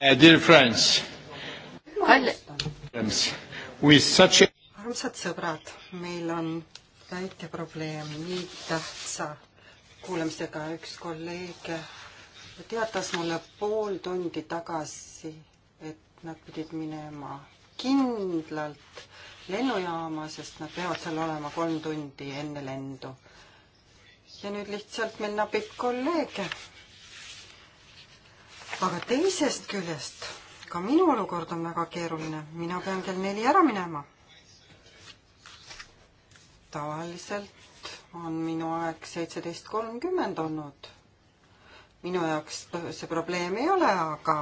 Uh, dear friends, with such a armsad sõbrad, meil on väike probleem nii tähtsa kuulamisega. üks kolleeg teatas mulle pool tundi tagasi, et nad pidid minema kindlalt lennujaama, sest nad peavad seal olema kolm tundi enne lendu. ja nüüd lihtsalt meil napib kolleege aga teisest küljest ka minu olukord on väga keeruline, mina pean kell neli ära minema. tavaliselt on minu aeg seitseteist kolmkümmend olnud. minu jaoks see probleem ei ole, aga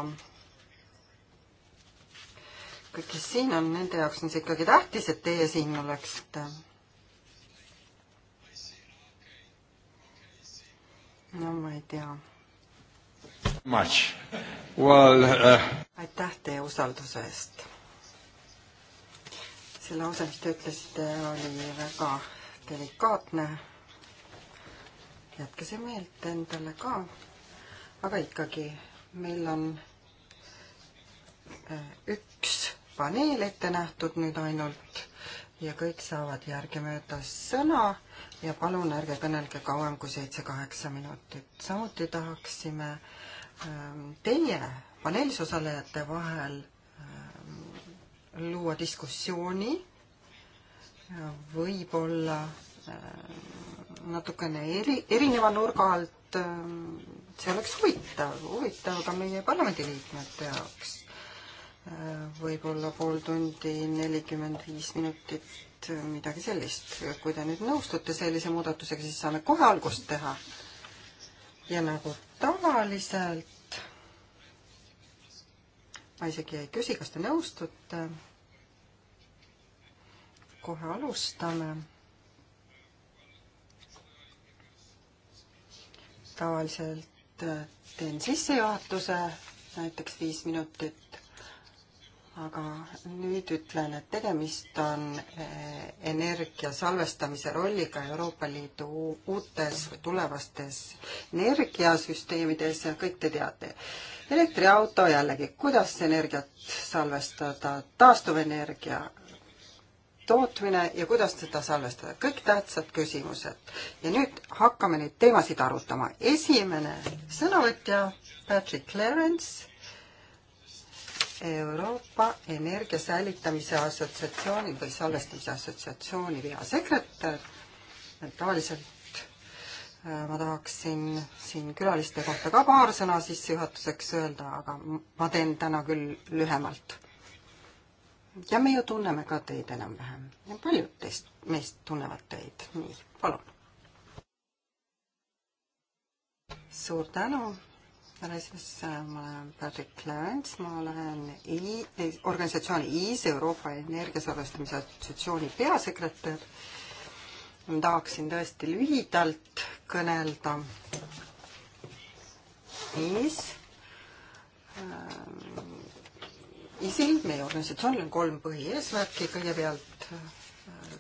kõik, kes siin on, nende jaoks on see ikkagi tähtis, et teie siin oleksite. no ma ei tea Well, uh... aitäh teie usalduse eest. see lause, mis te ütlesite, oli väga delikaatne. jätke see meelde endale ka. aga ikkagi, meil on äh, üks paneel ette nähtud nüüd ainult ja kõik saavad järgemööda sõna ja palun ärge kõnelge kauem kui seitse-kaheksa minutit. samuti tahaksime äh, Ähm, teie paneelis osalejate vahel ähm, luua diskussiooni, võib-olla ähm, natukene eri, erineva nurga alt, see oleks huvitav, huvitav ka meie parlamendiliikmete jaoks. Äh, võib-olla pool tundi, nelikümmend viis minutit, midagi sellist. kui te nüüd nõustute sellise muudatusega, siis saame kohe algust teha ja nagu tavaliselt ma isegi ei küsi, kas te nõustute. kohe alustame. tavaliselt eh, teen sissejuhatuse, näiteks viis minutit aga nüüd ütlen, et tegemist on eh, energia salvestamise rolliga Euroopa Liidu uutes või tulevastes energiasüsteemides ja kõik te teate. elektriauto jällegi, kuidas energiat salvestada, taastuvenergia tootmine ja kuidas seda salvestada, kõik tähtsad küsimused. ja nüüd hakkame neid teemasid arutama. esimene sõnavõtja Patrick Clarence Euroopa Energia Säilitamise Assotsiatsiooni või Salvestamise Assotsiatsiooni peasekretär. tavaliselt äh, ma tahaksin siin külaliste kohta ka paar sõna sissejuhatuseks öelda, aga ma teen täna küll lühemalt. ja me ju tunneme ka teid enam-vähem ja paljud teist, meist tunnevad teid. nii, palun. suur tänu välisasjades, ma olen Patrick Clarence, ma olen I-, e, organisatsiooni IIS, e, Euroopa Energiasalvestamise Assotsiatsiooni peasekretär. ma tahaksin tõesti lühidalt kõnelda IIS e. ähm,. ISIL, meie organisatsioonil on kolm põhieesmärki, kõigepealt äh,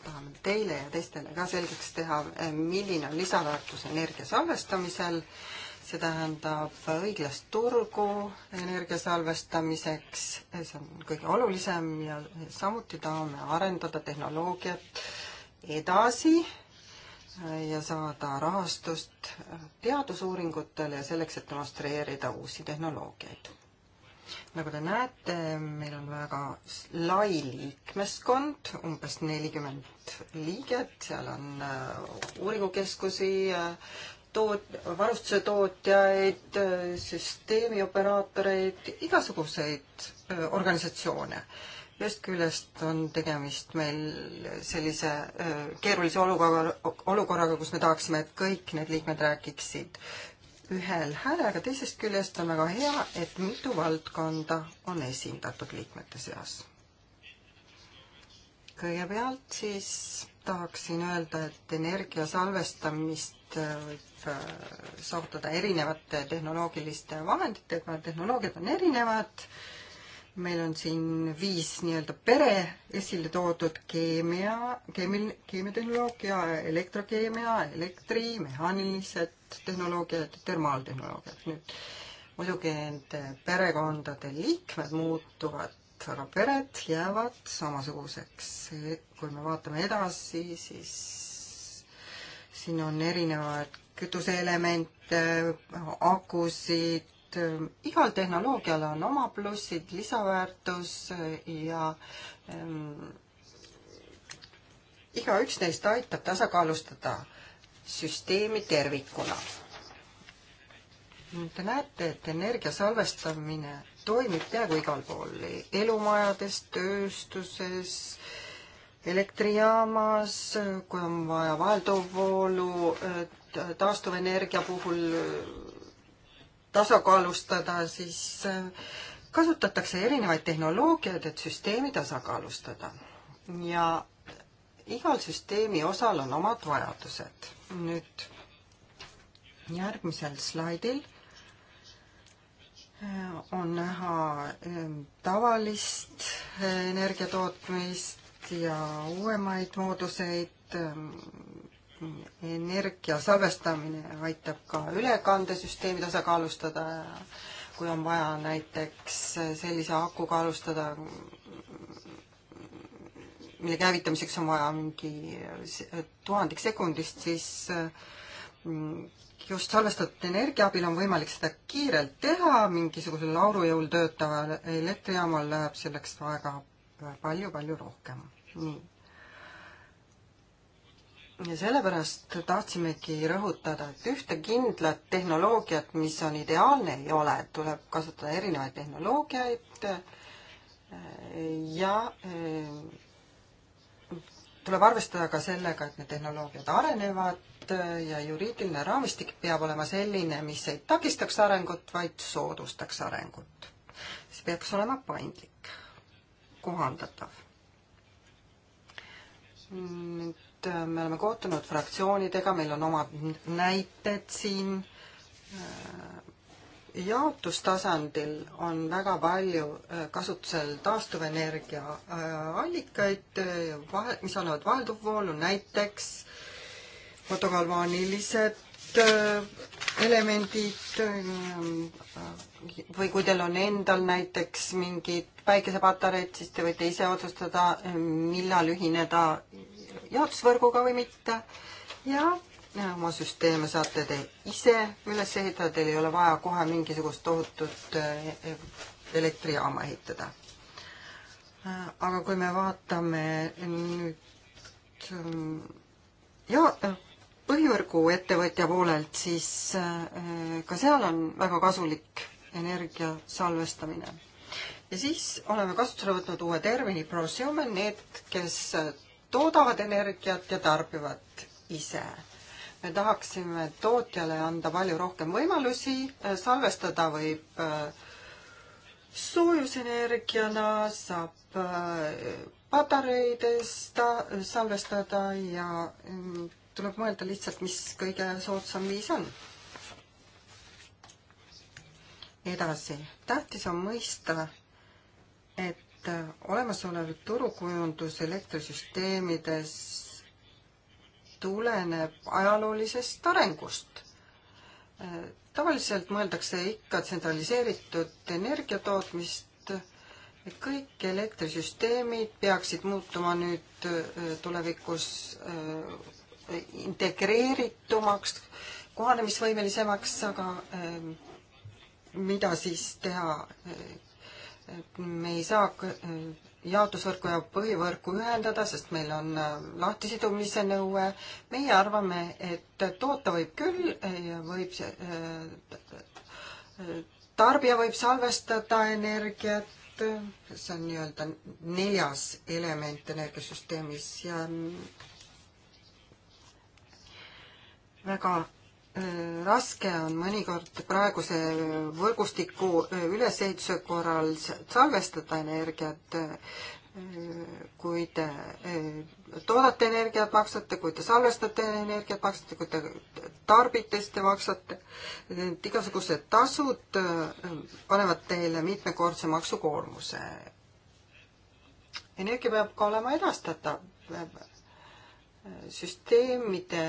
tahame teile ja teistele ka selgeks teha, äh, milline on lisaväärtus energia salvestamisel äh,, see tähendab õiglast turgu energia salvestamiseks, see on kõige olulisem ja samuti tahame arendada tehnoloogiat edasi ja saada rahastust teadusuuringutele ja selleks, et demonstreerida uusi tehnoloogiaid. nagu te näete, meil on väga lai liikmeskond, umbes nelikümmend liiget, seal on äh, uuringukeskusi äh,, toot-, varustuse tootjaid, süsteemioperaatoreid, igasuguseid organisatsioone. ühest küljest on tegemist meil sellise keerulise olukorra, olukorraga, kus me tahaksime, et kõik need liikmed räägiksid ühel häälega, teisest küljest on väga hea, et mitu valdkonda on esindatud liikmete seas. kõigepealt siis tahaksin öelda, et energia salvestamist Äh, võib äh, saavutada erinevate tehnoloogiliste vahenditega, tehnoloogiad on erinevad, meil on siin viis nii-öelda pere esile toodud keemia, keemil-, keemiatehnoloogia, elektrokeemia, elektri, mehaanilised tehnoloogiad, termaaltehnoloogiad. nüüd muidugi nende perekondade liikmed muutuvad aga pered jäävad samasuguseks. kui me vaatame edasi, siis siin on erinevaid kütuseelemente, akusid, igal tehnoloogial on oma plussid, lisaväärtus ja ähm, igaüks neist aitab tasakaalustada süsteemi tervikuna. Te näete, et energia salvestamine toimib peaaegu igal pool, elumajades, tööstuses äh,, elektrijaamas, kui on vaja vaheltoovvoolu taastuvenergia puhul tasakaalustada, siis kasutatakse erinevaid tehnoloogiaid, et süsteemi tasakaalustada. ja igal süsteemi osal on omad vajadused. nüüd järgmisel slaidil on näha eh, tavalist eh, energiatootmist, ja uuemaid mooduseid. Ähm, energia salvestamine aitab ka ülekandesüsteemi tasakaalustada ja kui on vaja näiteks sellise akuga alustada, mille käivitamiseks on vaja mingi tuhandik sekundist, siis just salvestatud energia abil on võimalik seda kiirelt teha, mingisugusel laurujõul töötaval elektrijaamal läheb selleks aega palju-palju rohkem nii. ja sellepärast tahtsimegi rõhutada, et ühte kindlat tehnoloogiat, mis on ideaalne, ei ole, tuleb kasutada erinevaid tehnoloogiaid eh, ja eh, tuleb arvestada ka sellega, et need tehnoloogiad arenevad eh, ja juriidiline raamistik peab olema selline, mis ei takistaks arengut, vaid soodustaks arengut. see peaks olema paindlik, kohandatav nüüd äh, me oleme kohtunud fraktsioonidega, meil on omad näited siin. Äh, jaotustasandil on väga palju äh, kasutusel taastuvenergia allikaid, mis annavad vahelduv voolu, näiteks fotogalvaanilised Äh, elemendid äh, või kui teil on endal näiteks mingid päikesepatareid, siis te võite ise otsustada, millal ühineda jaotusvõrguga või mitte ja äh, oma süsteeme saate te ise üles ehitada, teil ei ole vaja kohe mingisugust tohutut elektrijaama ehitada. aga kui me vaatame nüüd ja põhivõrgu ettevõtja poolelt, siis äh, ka seal on väga kasulik energia salvestamine. ja siis oleme kasutusele võtnud uue termini prosumer, need, kes toodavad energiat ja tarbivad ise. me tahaksime tootjale anda palju rohkem võimalusi, äh, salvestada võib äh, soojusenergiana, saab patareides ta salvestada ja mm, tuleb mõelda lihtsalt, mis kõige soodsam viis on. edasi, tähtis on mõista, et olemasolev turukujundus elektrisüsteemides tuleneb ajaloolisest arengust. tavaliselt mõeldakse ikka tsentraliseeritud energiatootmist, kõik elektrisüsteemid peaksid muutuma nüüd tulevikus integreeritumaks, kohanemisvõimelisemaks, aga ähm, mida siis teha? me ei saa äh, jaotusvõrku ja põhivõrku ühendada, sest meil on äh, lahtisidumise nõue. meie arvame, et toota võib küll äh, ja võib tarbija võib salvestada energiat, see on nii-öelda neljas element energiasüsteemis ja väga raske on mõnikord praeguse võrgustiku ülesehituse korral salvestada energiat, kui te toodate energiat, maksate, kui te salvestate energiat, maksate, kui te tarbite, siis te maksate. et igasugused tasud panevad teile mitmekordse maksukoormuse. energia peab ka olema edastatav. süsteemide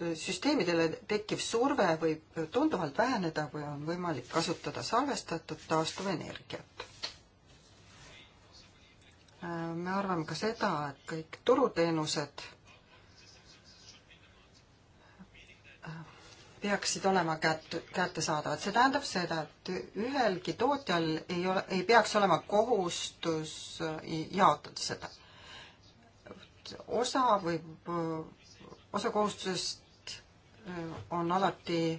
süsteemidele tekkiv surve võib tunduvalt väheneda, kui on võimalik kasutada salvestatud taastuvenergiat. me arvame ka seda, et kõik turuteenused peaksid olema kätt, kättesaadavad. see tähendab seda, et ühelgi tootjal ei ole, ei peaks olema kohustus jaotada seda. osa võib, osa kohustusest Äh, on alati äh,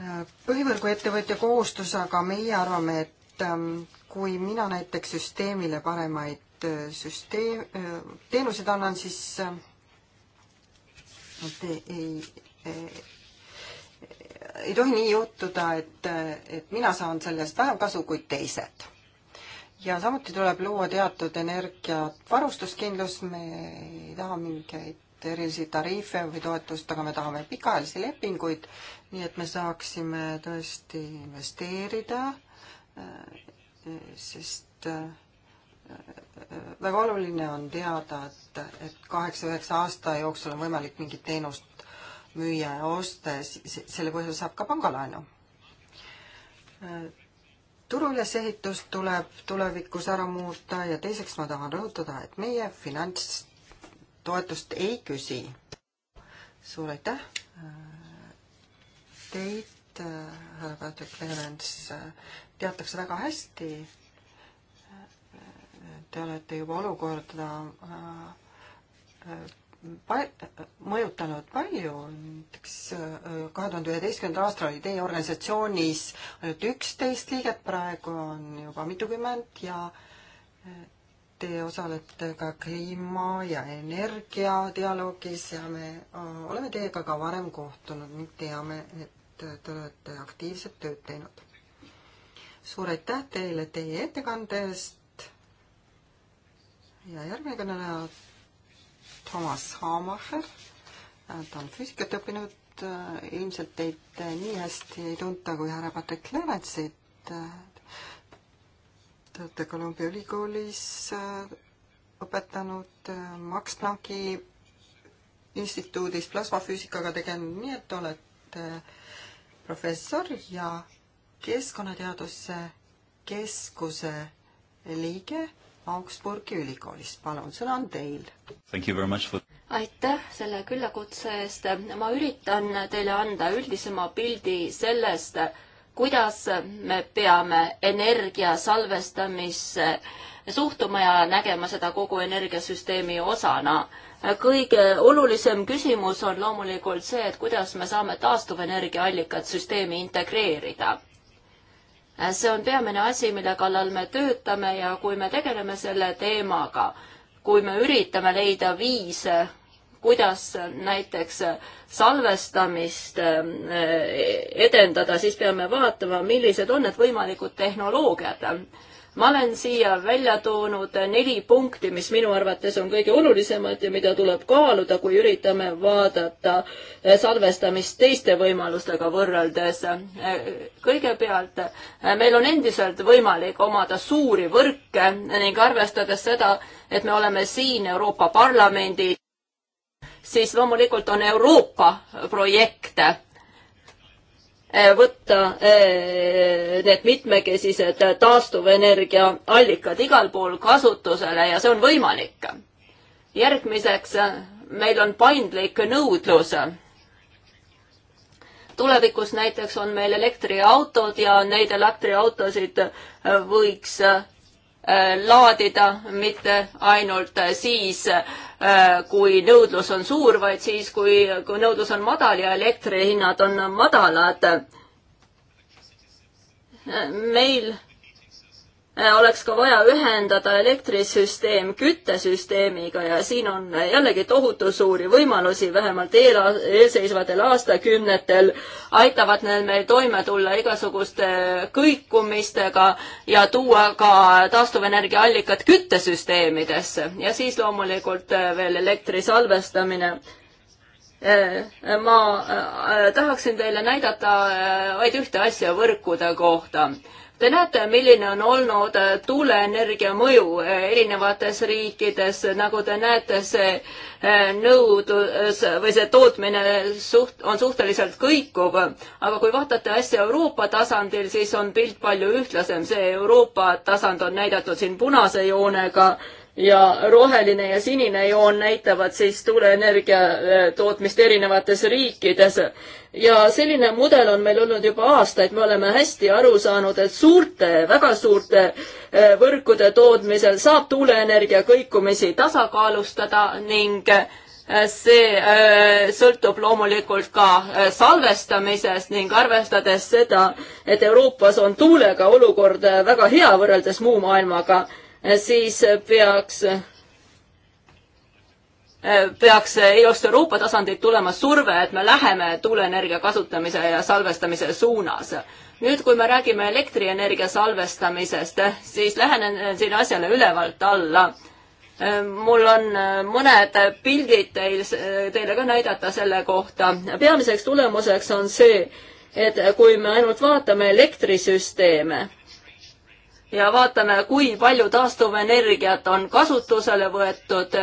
äh, põhivõrguettevõtja kohustus, aga meie arvame, et ähm, kui mina näiteks süsteemile paremaid süsteem, teenuseid annan, siis et ei, ei, ei tohi nii juhtuda, et, et mina saan sellest vähem kasu kui teised. ja samuti tuleb luua teatud energiat, varustuskindlus, me ei taha mingeid erilisi tariife või toetust, aga me tahame pikaajalisi lepinguid, nii et me saaksime tõesti investeerida, sest väga oluline on teada, et, et kaheksa-üheksa aasta jooksul on võimalik mingit teenust müüa ja osta ja selle põhjal saab ka pangalaenu. turu ülesehitus tuleb tulevikus ära muuta ja teiseks ma tahan rõhutada, et meie finants toetust ei küsi. suur aitäh teid, härra Patrick Clemens, teatakse väga hästi. Te olete juba olukorda äh, mõjutanud palju, näiteks äh, kahe tuhande üheteistkümnendal aastal oli teie organisatsioonis ainult üksteist liiget, praegu on juba mitukümmend ja äh, Te osalete ka kliima ja energiadialoogis ja me äh, oleme teiega ka varem kohtunud ning teame, et te olete aktiivset tööd teinud. suur aitäh teile teie ettekande eest ja järgmine kõneleja Thomas Haamacher, äh, ta on füüsikat õppinud, äh, ilmselt teid nii hästi ei tunta kui härra Patrick Leventsit, Te olete Columbia ülikoolis äh, õpetanud äh, Max Plancki instituudis plasmafüüsikaga tegelenud, nii et olete äh, professor ja keskkonnateaduse keskuse liige Augsburgi ülikoolis. palun, sõna on teil. For... aitäh selle küllakutse eest. ma üritan teile anda üldisema pildi sellest, kuidas me peame energia salvestamisse suhtuma ja nägema seda kogu energiasüsteemi osana. kõige olulisem küsimus on loomulikult see, et kuidas me saame taastuvenergiaallikad süsteemi integreerida see on peamine asi, mille kallal me töötame ja kui me tegeleme selle teemaga, kui me üritame leida viise, kuidas näiteks salvestamist eh, edendada, siis peame vaatama, millised on need võimalikud tehnoloogiad. ma olen siia välja toonud neli punkti, mis minu arvates on kõige olulisemad ja mida tuleb kaaluda, kui üritame vaadata eh, salvestamist teiste võimalustega võrreldes. Eh, kõigepealt, meil on endiselt võimalik omada suuri võrke ning arvestades seda, et me oleme siin Euroopa Parlamendi siis loomulikult on Euroopa projekt eh, võtta eh, need mitmekesised taastuvenergia allikad igal pool kasutusele ja see on võimalik. järgmiseks, eh, meil on paindlik nõudlus. tulevikus näiteks on meil elektriautod ja neid elektriautosid võiks laadida mitte ainult siis, Äh, kui nõudlus on suur, vaid siis, kui, kui nõudlus on madal ja elektrihinnad on madalad. Äh, meil Äh, oleks ka vaja ühendada elektrisüsteem küttesüsteemiga ja siin on jällegi tohutu suuri võimalusi, vähemalt eel, eelseisvatel aastakümnetel aitavad need meil toime tulla igasuguste kõikumistega ja tuua ka taastuvenergiaallikad küttesüsteemidesse ja siis loomulikult äh, veel elektri salvestamine äh, ma tahaksin teile näidata vaid ühte asja võrkude kohta Te näete, milline on olnud äh, tuuleenergia mõju äh, erinevates riikides, nagu te näete, see äh, nõudlus või see tootmine suht-, on suhteliselt kõikuv, aga kui vaatate asja Euroopa tasandil, siis on pilt palju ühtlasem, see Euroopa tasand on näidatud siin punase joonega ja roheline ja sinine joon näitavad siis tuuleenergia äh, tootmist erinevates riikides. ja selline mudel on meil olnud juba aastaid, me oleme hästi aru saanud, et suurte, väga suurte äh, võrkude tootmisel saab tuuleenergia kõikumisi tasakaalustada ning äh, see sõltub loomulikult ka salvestamisest ning arvestades seda, et Euroopas on tuulega olukord väga hea võrreldes muu maailmaga Eh, siis eh, peaks eh, peaks just Euroopa tasandilt tulema surve, et me läheme tuuleenergia kasutamise ja salvestamise suunas. nüüd, kui me räägime elektrienergia salvestamisest, siis lähenen siin asjale ülevalt alla. mul on mõned pildid teil, teile ka näidata selle kohta. peamiseks tulemuseks on see, et kui me ainult vaatame elektrisüsteeme ja vaatame, kui palju taastuvenergiat on kasutusele võetud.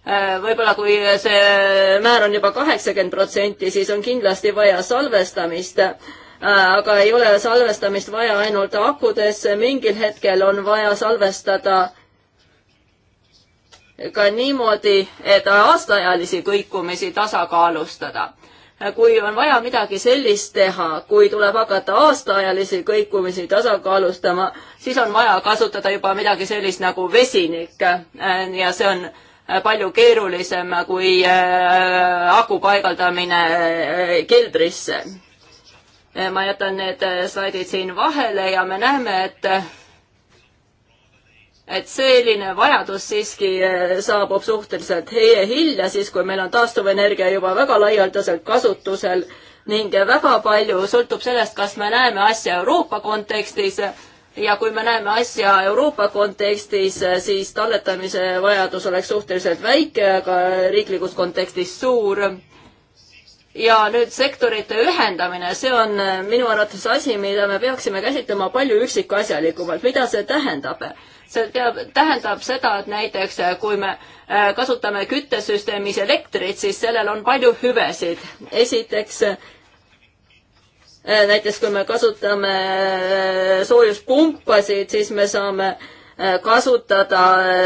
Äh, võib-olla kui see määr on juba kaheksakümmend protsenti, siis on kindlasti vaja salvestamist. Äh, aga ei ole salvestamist vaja ainult akudesse, mingil hetkel on vaja salvestada ka niimoodi, et aastaajalisi kõikumisi tasakaalustada kui on vaja midagi sellist teha, kui tuleb hakata aastaajalisi kõikumisi tasakaalustama, siis on vaja kasutada juba midagi sellist nagu vesinik ja see on palju keerulisem kui äh, aku paigaldamine äh, keldrisse. ma jätan need slaidid siin vahele ja me näeme, et et selline vajadus siiski eh, saabub suhteliselt hilja, siis kui meil on taastuvenergia juba väga laialdaselt kasutusel ning väga palju sõltub sellest, kas me näeme asja Euroopa kontekstis ja kui me näeme asja Euroopa kontekstis, eh, siis talletamise vajadus oleks suhteliselt väike, aga riiklikus kontekstis suur ja nüüd sektorite ühendamine, see on eh, minu arvates asi, mida me peaksime käsitlema palju üksikasjalikumalt, mida see tähendab see teab, tähendab seda, et näiteks äh, kui me äh, kasutame küttesüsteemis elektrit, siis sellel on palju hüvesid. esiteks äh, näiteks kui me kasutame soojuspumpasid, siis me saame kasutada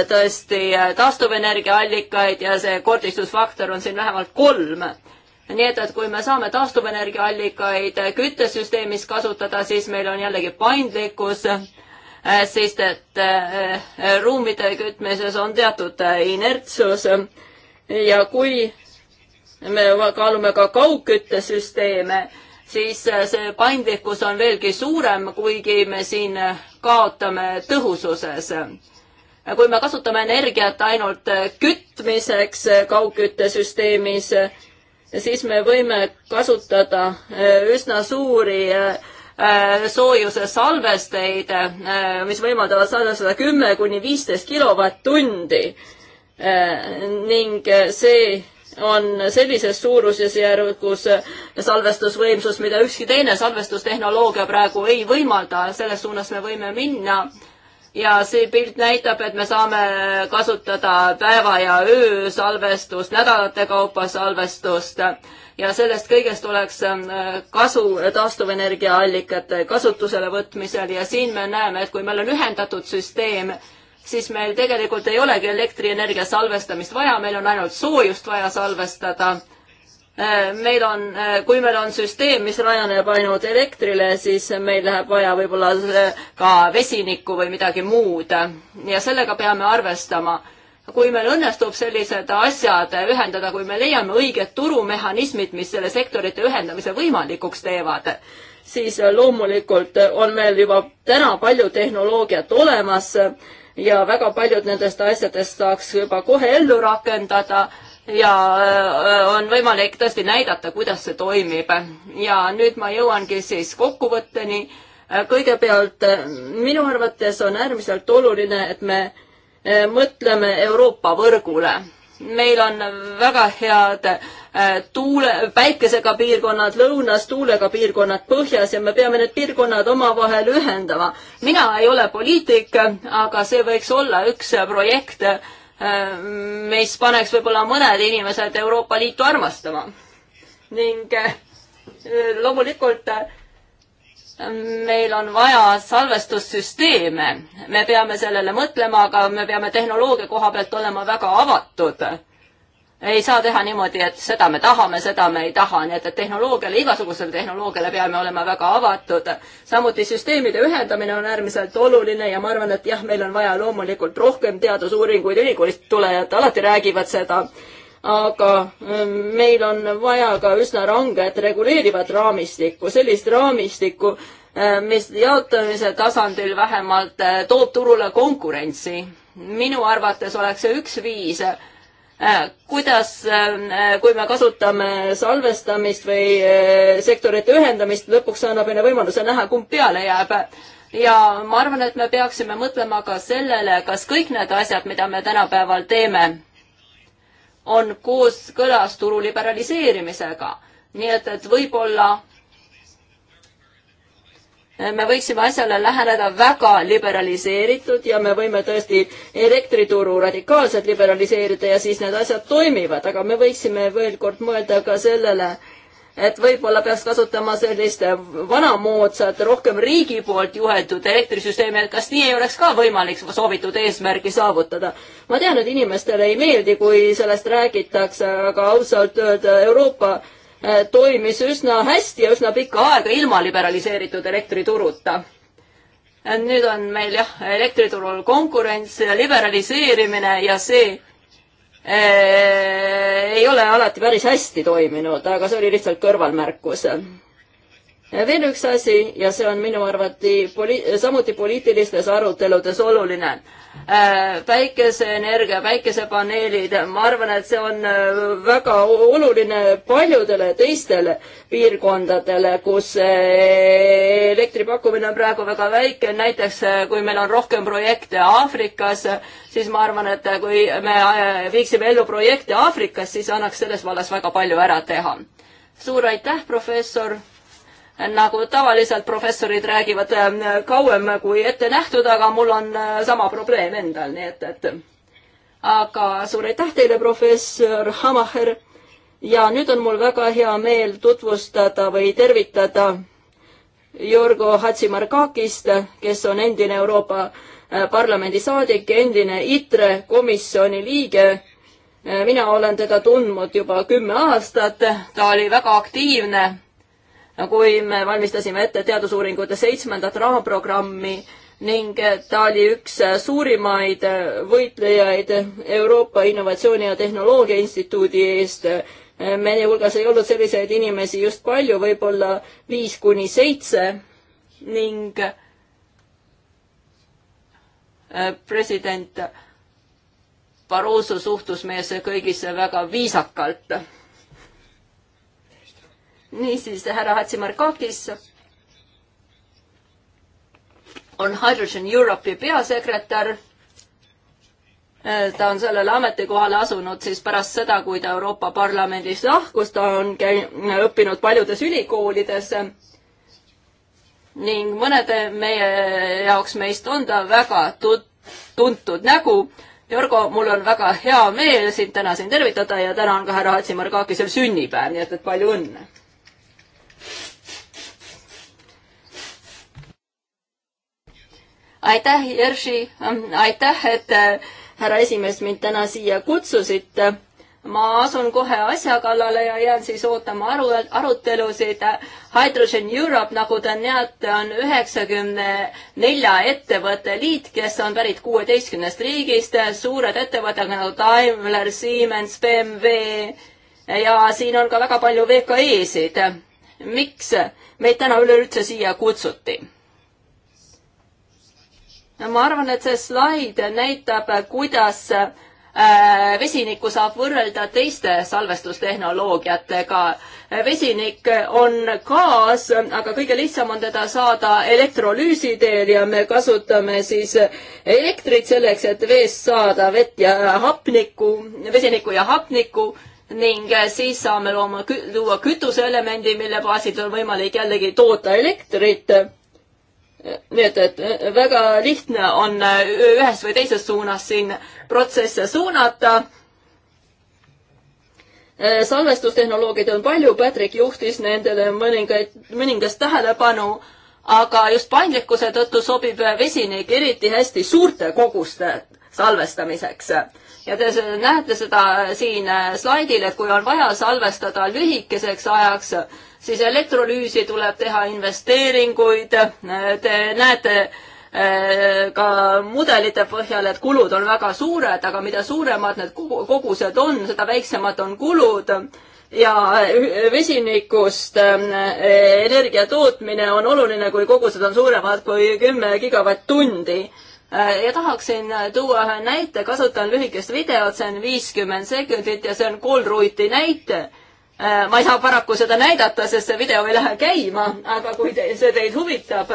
tõesti taastuvenergiaallikaid ja see kordistusfaktor on siin vähemalt kolm. nii et, et kui me saame taastuvenergiaallikaid küttesüsteemis kasutada, siis meil on jällegi paindlikkus Äh, sest et äh, äh, ruumide kütmises on teatud inertsus ja kui me kaalume ka kaugküttesüsteeme, siis see paindlikkus on veelgi suurem, kuigi me siin kaotame tõhususes. kui me kasutame energiat ainult kütmiseks kaugküttesüsteemis, siis me võime kasutada üsna suuri äh, Äh, soojuse salvesteid, äh, mis võimaldavad salvestada kümme kuni viisteist kilovatt-tundi. Äh, ning see on sellises suurusjärgus salvestusvõimsus, mida ükski teine salvestustehnoloogia praegu ei võimalda, selles suunas me võime minna ja see pilt näitab, et me saame kasutada päeva ja öö salvestust, nädalate kaupa salvestust ja sellest kõigest oleks ähm, kasu taastuvenergiaallikate kasutusele võtmisel ja siin me näeme, et kui meil on ühendatud süsteem, siis meil tegelikult ei olegi elektrienergia salvestamist vaja, meil on ainult soojust vaja salvestada äh, meil on, äh, kui meil on süsteem, mis rajaneb ainult elektrile, siis meil läheb vaja võib-olla äh, ka vesinikku või midagi muud ja sellega peame arvestama kui meil õnnestub sellised asjad ühendada, kui me leiame õiged turumehhanismid, mis selle sektorite ühendamise võimalikuks teevad, siis loomulikult on meil juba täna palju tehnoloogiat olemas ja väga paljud nendest asjadest saaks juba kohe ellu rakendada ja äh, on võimalik tõesti näidata, kuidas see toimib. ja nüüd ma jõuangi siis kokkuvõtteni. kõigepealt minu arvates on äärmiselt oluline, et me Eh, mõtleme Euroopa võrgule. meil on väga head eh, tuule, päikesega piirkonnad lõunas, tuulega piirkonnad põhjas ja me peame need piirkonnad omavahel ühendama. mina ei ole poliitik, aga see võiks olla üks projekt, eh, mis paneks võib-olla mõned inimesed Euroopa Liitu armastama. ning loomulikult meil on vaja salvestussüsteeme, me peame sellele mõtlema, aga me peame tehnoloogia koha pealt olema väga avatud. ei saa teha niimoodi, et seda me tahame, seda me ei taha, nii et, et tehnoloogiale, igasugusele tehnoloogiale peame olema väga avatud. samuti süsteemide ühendamine on äärmiselt oluline ja ma arvan, et jah, meil on vaja loomulikult rohkem teadusuuringuid, ülikoolist tulejad alati räägivad seda aga ähm, meil on vaja ka üsna ranget reguleerivat raamistikku, sellist raamistikku, äh, mis jaotamise tasandil vähemalt äh, toob turule konkurentsi. minu arvates oleks see üks viis, äh, kuidas, ähm, kui me kasutame salvestamist või sektorite ühendamist, lõpuks annab meile võimaluse näha, kumb peale jääb ja ma arvan, et me peaksime mõtlema ka sellele, kas kõik need asjad, mida me tänapäeval teeme, on kooskõlas turu liberaliseerimisega. nii et, et võib-olla me võiksime asjale läheneda väga liberaliseeritud ja me võime tõesti elektrituru radikaalselt liberaliseerida ja siis need asjad toimivad, aga me võiksime veel kord mõelda ka sellele, et võib-olla peaks kasutama sellist vanamoodsat, rohkem riigi poolt juhetud elektrisüsteemi, et kas nii ei oleks ka võimalik soovitud eesmärgi saavutada. ma tean, et inimestele ei meeldi, kui sellest räägitakse, aga ausalt öelda Euroopa eh, toimis üsna hästi ja üsna pikka aega ilma liberaliseeritud elektrituruta nüüd on meil jah, elektriturul konkurents, liberaliseerimine ja see Äh, ei ole alati päris hästi toiminud, aga see oli lihtsalt kõrvalmärkus veel üks asi ja see on minu arvati poli-, samuti poliitilistes aruteludes oluline. Äh, päikeseenergia, päikesepaneelid, ma arvan, et see on äh, väga oluline paljudele teistele piirkondadele, kus äh, elektri pakkumine on praegu väga väike, näiteks kui meil on rohkem projekte Aafrikas, siis ma arvan, et kui me viiksime ellu projekte Aafrikas, siis annaks selles vallas väga palju ära teha. suur aitäh, professor nagu tavaliselt professorid räägivad äh, kauem kui ette nähtud, aga mul on äh, sama probleem endal, nii et, et aga suur aitäh teile, professor Hamacher. ja nüüd on mul väga hea meel tutvustada või tervitada Jorgo Hatsimarkakist, kes on endine Euroopa äh, Parlamendi saadik, endine ITRE komisjoni liige mina olen teda tundnud juba kümme aastat, ta oli väga aktiivne kui me valmistasime ette teadusuuringute seitsmendat rahaprogrammi ning eh, ta oli üks eh, suurimaid eh, võitlejaid Euroopa Innovatsiooni ja Tehnoloogia Instituudi eest. meie hulgas ei olnud selliseid inimesi just palju, võib-olla viis kuni seitse ning president Barroso suhtus meisse kõigisse väga viisakalt niisiis, härra Hatsimarkakis on Hydrogen Europe'i peasekretär. ta on sellele ametikohale asunud siis pärast seda, kui ta Euroopa Parlamendist lahkus, ta on käi-, õppinud paljudes ülikoolides ning mõnede meie jaoks meist on ta väga tut-, tuntud nägu. Jorgo, mul on väga hea meel sind täna siin tervitada ja täna on ka härra Hatsimarkakisel sünnipäev, nii et, et palju õnne! aitäh, Jerzy, ähm, aitäh, et äh, härra esimees mind täna siia kutsusite ma asun kohe asja kallale ja jään siis ootama aru, arutelusid. Hydrogen Europe, nagu te näete, on üheksakümne nelja ettevõtte liit, kes on pärit kuueteistkümnest riigist. suured ettevõtted nagu Daimler, Siemens, BMW ja siin on ka väga palju VKE-sid. miks meid täna üleüldse siia kutsuti? ma arvan, et see slaid näitab, kuidas äh, vesinikku saab võrrelda teiste salvestustehnoloogiatega. vesinik on gaas, aga kõige lihtsam on teda saada elektrolüüsi teel ja me kasutame siis elektrit selleks, et veest saada vett ja hapnikku, vesinikku ja hapnikku ning siis saame looma, luua kütuseelemendi, mille baasil on võimalik jällegi toota elektrit nii et, et väga lihtne on äh, ühes või teises suunas siin protsesse suunata. Äh, salvestustehnoloogiaid on palju, Patrick juhtis nendele mõningaid, mõningast tähelepanu, aga just paindlikkuse tõttu sobib vesinik eriti hästi suurte koguste salvestamiseks. ja te näete seda siin slaidil, et kui on vaja salvestada lühikeseks ajaks, siis elektrolüüsi tuleb teha investeeringuid, te näete eh, ka mudelite põhjal, et kulud on väga suured, aga mida suuremad need kogused on, seda väiksemad on kulud ja vesinikust eh, energia tootmine on oluline, kui kogused on suuremad kui kümme gigavatt-tundi eh, ja tahaksin tuua ühe näite, kasutan lühikest videot, see on viiskümmend sekundit ja see on koolruuti näite Äh, ma ei saa paraku seda näidata, sest see video ei lähe käima, aga kui te, see teid huvitab,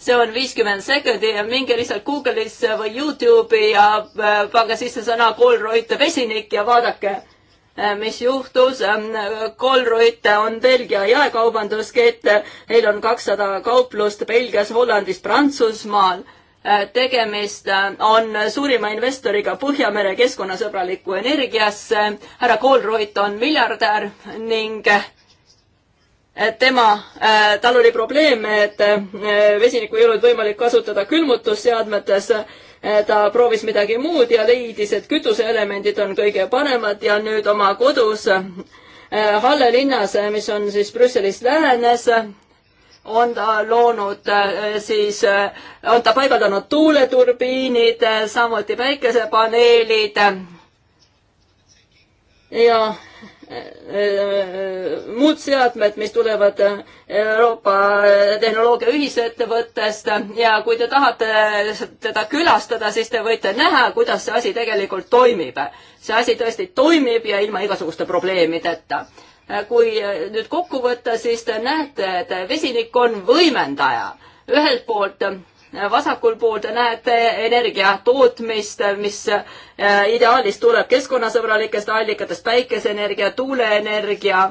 see on viiskümmend sekundi ja minge lihtsalt Google'isse või Youtube'i ja äh, pange sisse sõna Colroyd vesinik ja vaadake, äh, mis juhtus. Colroyd ähm, on Belgia jaekaubanduskett, neil on kakssada kauplust Belgias, Hollandis, Prantsusmaal Äh, tegemist äh, on suurima investoriga Põhjamere keskkonnasõbralikku energiasse. härra Koolroit on miljardär ning äh, tema, tal oli probleeme, et vesinikku ei olnud võimalik kasutada külmutusseadmetes. ta proovis midagi muud ja leidis, et kütuseelemendid on kõige paremad ja nüüd oma kodus Halle linnas, mis on siis Brüsselist lähenes on ta loonud äh, siis, äh, on ta paigaldanud tuuleturbiinid, äh, samuti päikesepaneelid ja muud seadmed, mis tulevad Euroopa tehnoloogia ühisettevõttest ja kui te tahate teda külastada, siis te võite näha, kuidas see asi tegelikult toimib. see asi tõesti toimib ja ilma igasuguste probleemideta kui äh, nüüd kokku võtta, siis te näete, et vesinik on võimendaja. ühelt poolt äh, vasakul pool te näete energia tootmist, mis äh, ideaalis tuleb keskkonnasõbralikest allikatest, päikeseenergia, tuuleenergia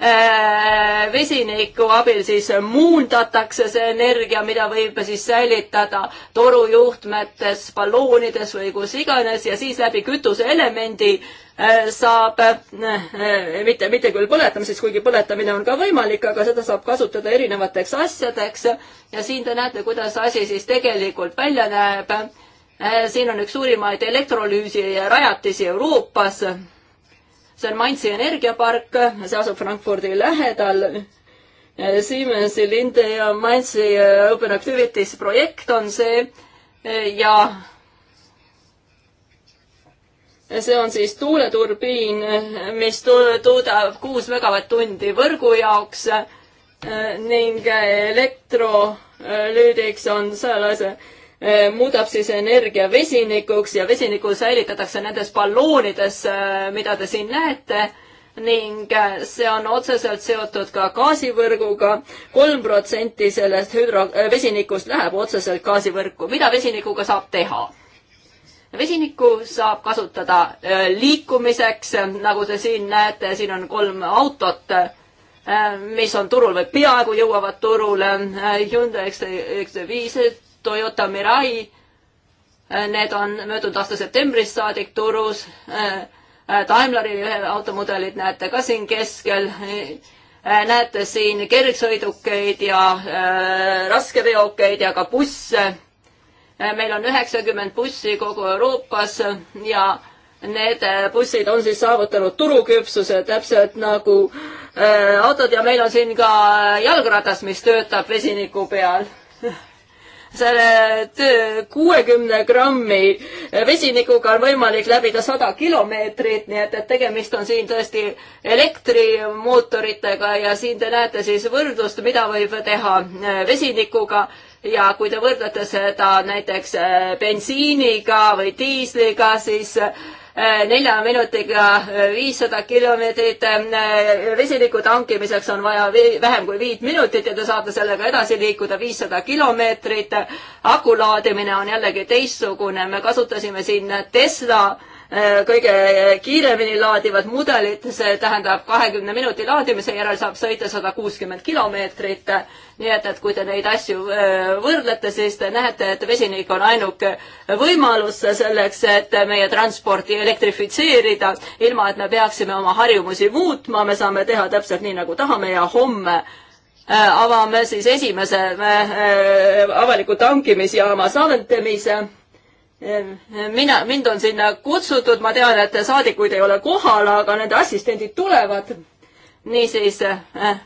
Äh, vesiniku abil siis muundatakse see energia, mida võib siis säilitada torujuhtmetes, balloonides või kus iganes ja siis läbi kütuseelemendi äh, saab äh, mitte, mitte küll põletamiseks, kuigi põletamine on ka võimalik, aga seda saab kasutada erinevateks asjadeks ja siin te näete, kuidas asi siis tegelikult välja näeb. siin on üks suurimaid elektrolüüsi rajatisi Euroopas see on Mainzi energiapark, see asub Frankfurdi lähedal. Siemensi, Linde ja Mainzi äh, Open Activities projekt on see ja see on siis tuuleturbiin, mis toodab kuus megavatt-tundi võrgu jaoks äh, ning elektrolüüdiks äh, on selle asja Eh, muudab siis energia vesinikuks ja vesinikku säilitatakse nendes balloonides, eh, mida te siin näete ning eh, see on otseselt seotud ka gaasivõrguga. kolm protsenti sellest hüdro, vesinikust läheb otseselt gaasivõrku. mida vesinikuga saab teha? vesinikku saab kasutada liikumiseks, nagu te siin näete, siin on kolm autot, mis on turul või peaaegu jõuavad turule. Hyundai X5 Toyota Mirai. Äh, need on möödunud aasta septembrist saadik turus. Äh, äh, Daimleri automudelid näete ka siin keskel. näete siin kergsõidukeid ja raskeveokeid ja ka busse. meil on üheksakümmend bussi kogu Euroopas ja need bussid on siis saavutanud turuküpsuse täpselt nagu äh, autod ja meil on siin ka jalgratas, mis töötab vesiniku peal selle kuuekümne grammi vesinikuga on võimalik läbida sada kilomeetrit, nii et, et tegemist on siin tõesti elektrimootoritega ja siin te näete siis võrdlust, mida võib teha äh, vesinikuga ja kui te võrdlete seda näiteks äh, bensiiniga või diisliga, siis Äh, nelja minutiga äh, viissada kilomeetrit. Äh, vesiniku tankimiseks on vaja vähem kui viit minutit ja te saate sellega edasi liikuda viissada kilomeetrit. aku laadimine on jällegi teistsugune, me kasutasime siin Tesla Äh, kõige kiiremini laadivad mudelid, see tähendab kahekümne minuti laadimise järel saab sõita sada kuuskümmend kilomeetrit. nii et, et kui te neid asju äh, võrdlete, siis te näete, et vesinik on ainuke võimalus selleks, et meie transporti elektrifitseerida, ilma et me peaksime oma harjumusi muutma, me saame teha täpselt nii, nagu tahame ja homme äh, avame siis esimese avaliku tankimisjaama Saventemise mina, mind on sinna kutsutud, ma tean, et saadikuid ei ole kohal, aga nende assistendid tulevad. niisiis äh,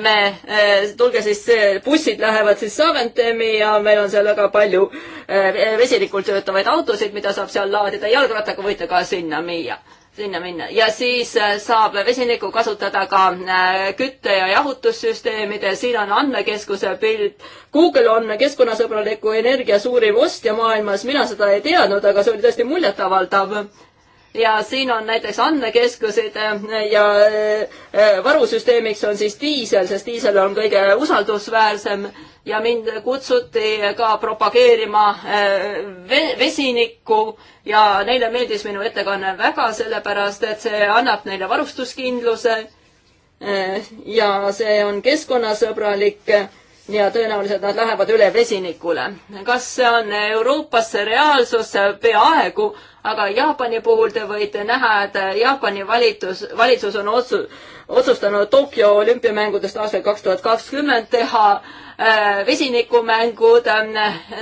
me, äh, tulge siis, äh, bussid lähevad siis Saventemi ja meil on seal väga palju äh, vesinikul töötavaid autosid, mida saab seal laadida, jalgrattaga võite ka sinna viia sinna minna ja siis äh, saab vesinikku kasutada ka äh, kütte- ja jahutussüsteemidel, siin on andmekeskuse pilt. Google on keskkonnasõbraliku energia suurim ostja maailmas, mina seda ei teadnud, aga see oli tõesti muljetavaldav. ja siin on näiteks andmekeskused äh, ja varusüsteemiks on siis diisel, sest diisel on kõige usaldusväärsem ja mind kutsuti ka propageerima eh, vesinikku ja neile meeldis minu ettekanne väga, sellepärast et see annab neile varustuskindluse. Eh, ja see on keskkonnasõbralik ja tõenäoliselt nad lähevad üle vesinikule. kas see on Euroopas reaalsus peaaegu, aga Jaapani puhul te võite näha, et Jaapani valitsus, valitsus on otsu-, otsustanud Tokyo olümpiamängudest aastal kaks tuhat kakskümmend teha äh, vesinikumängud äh,.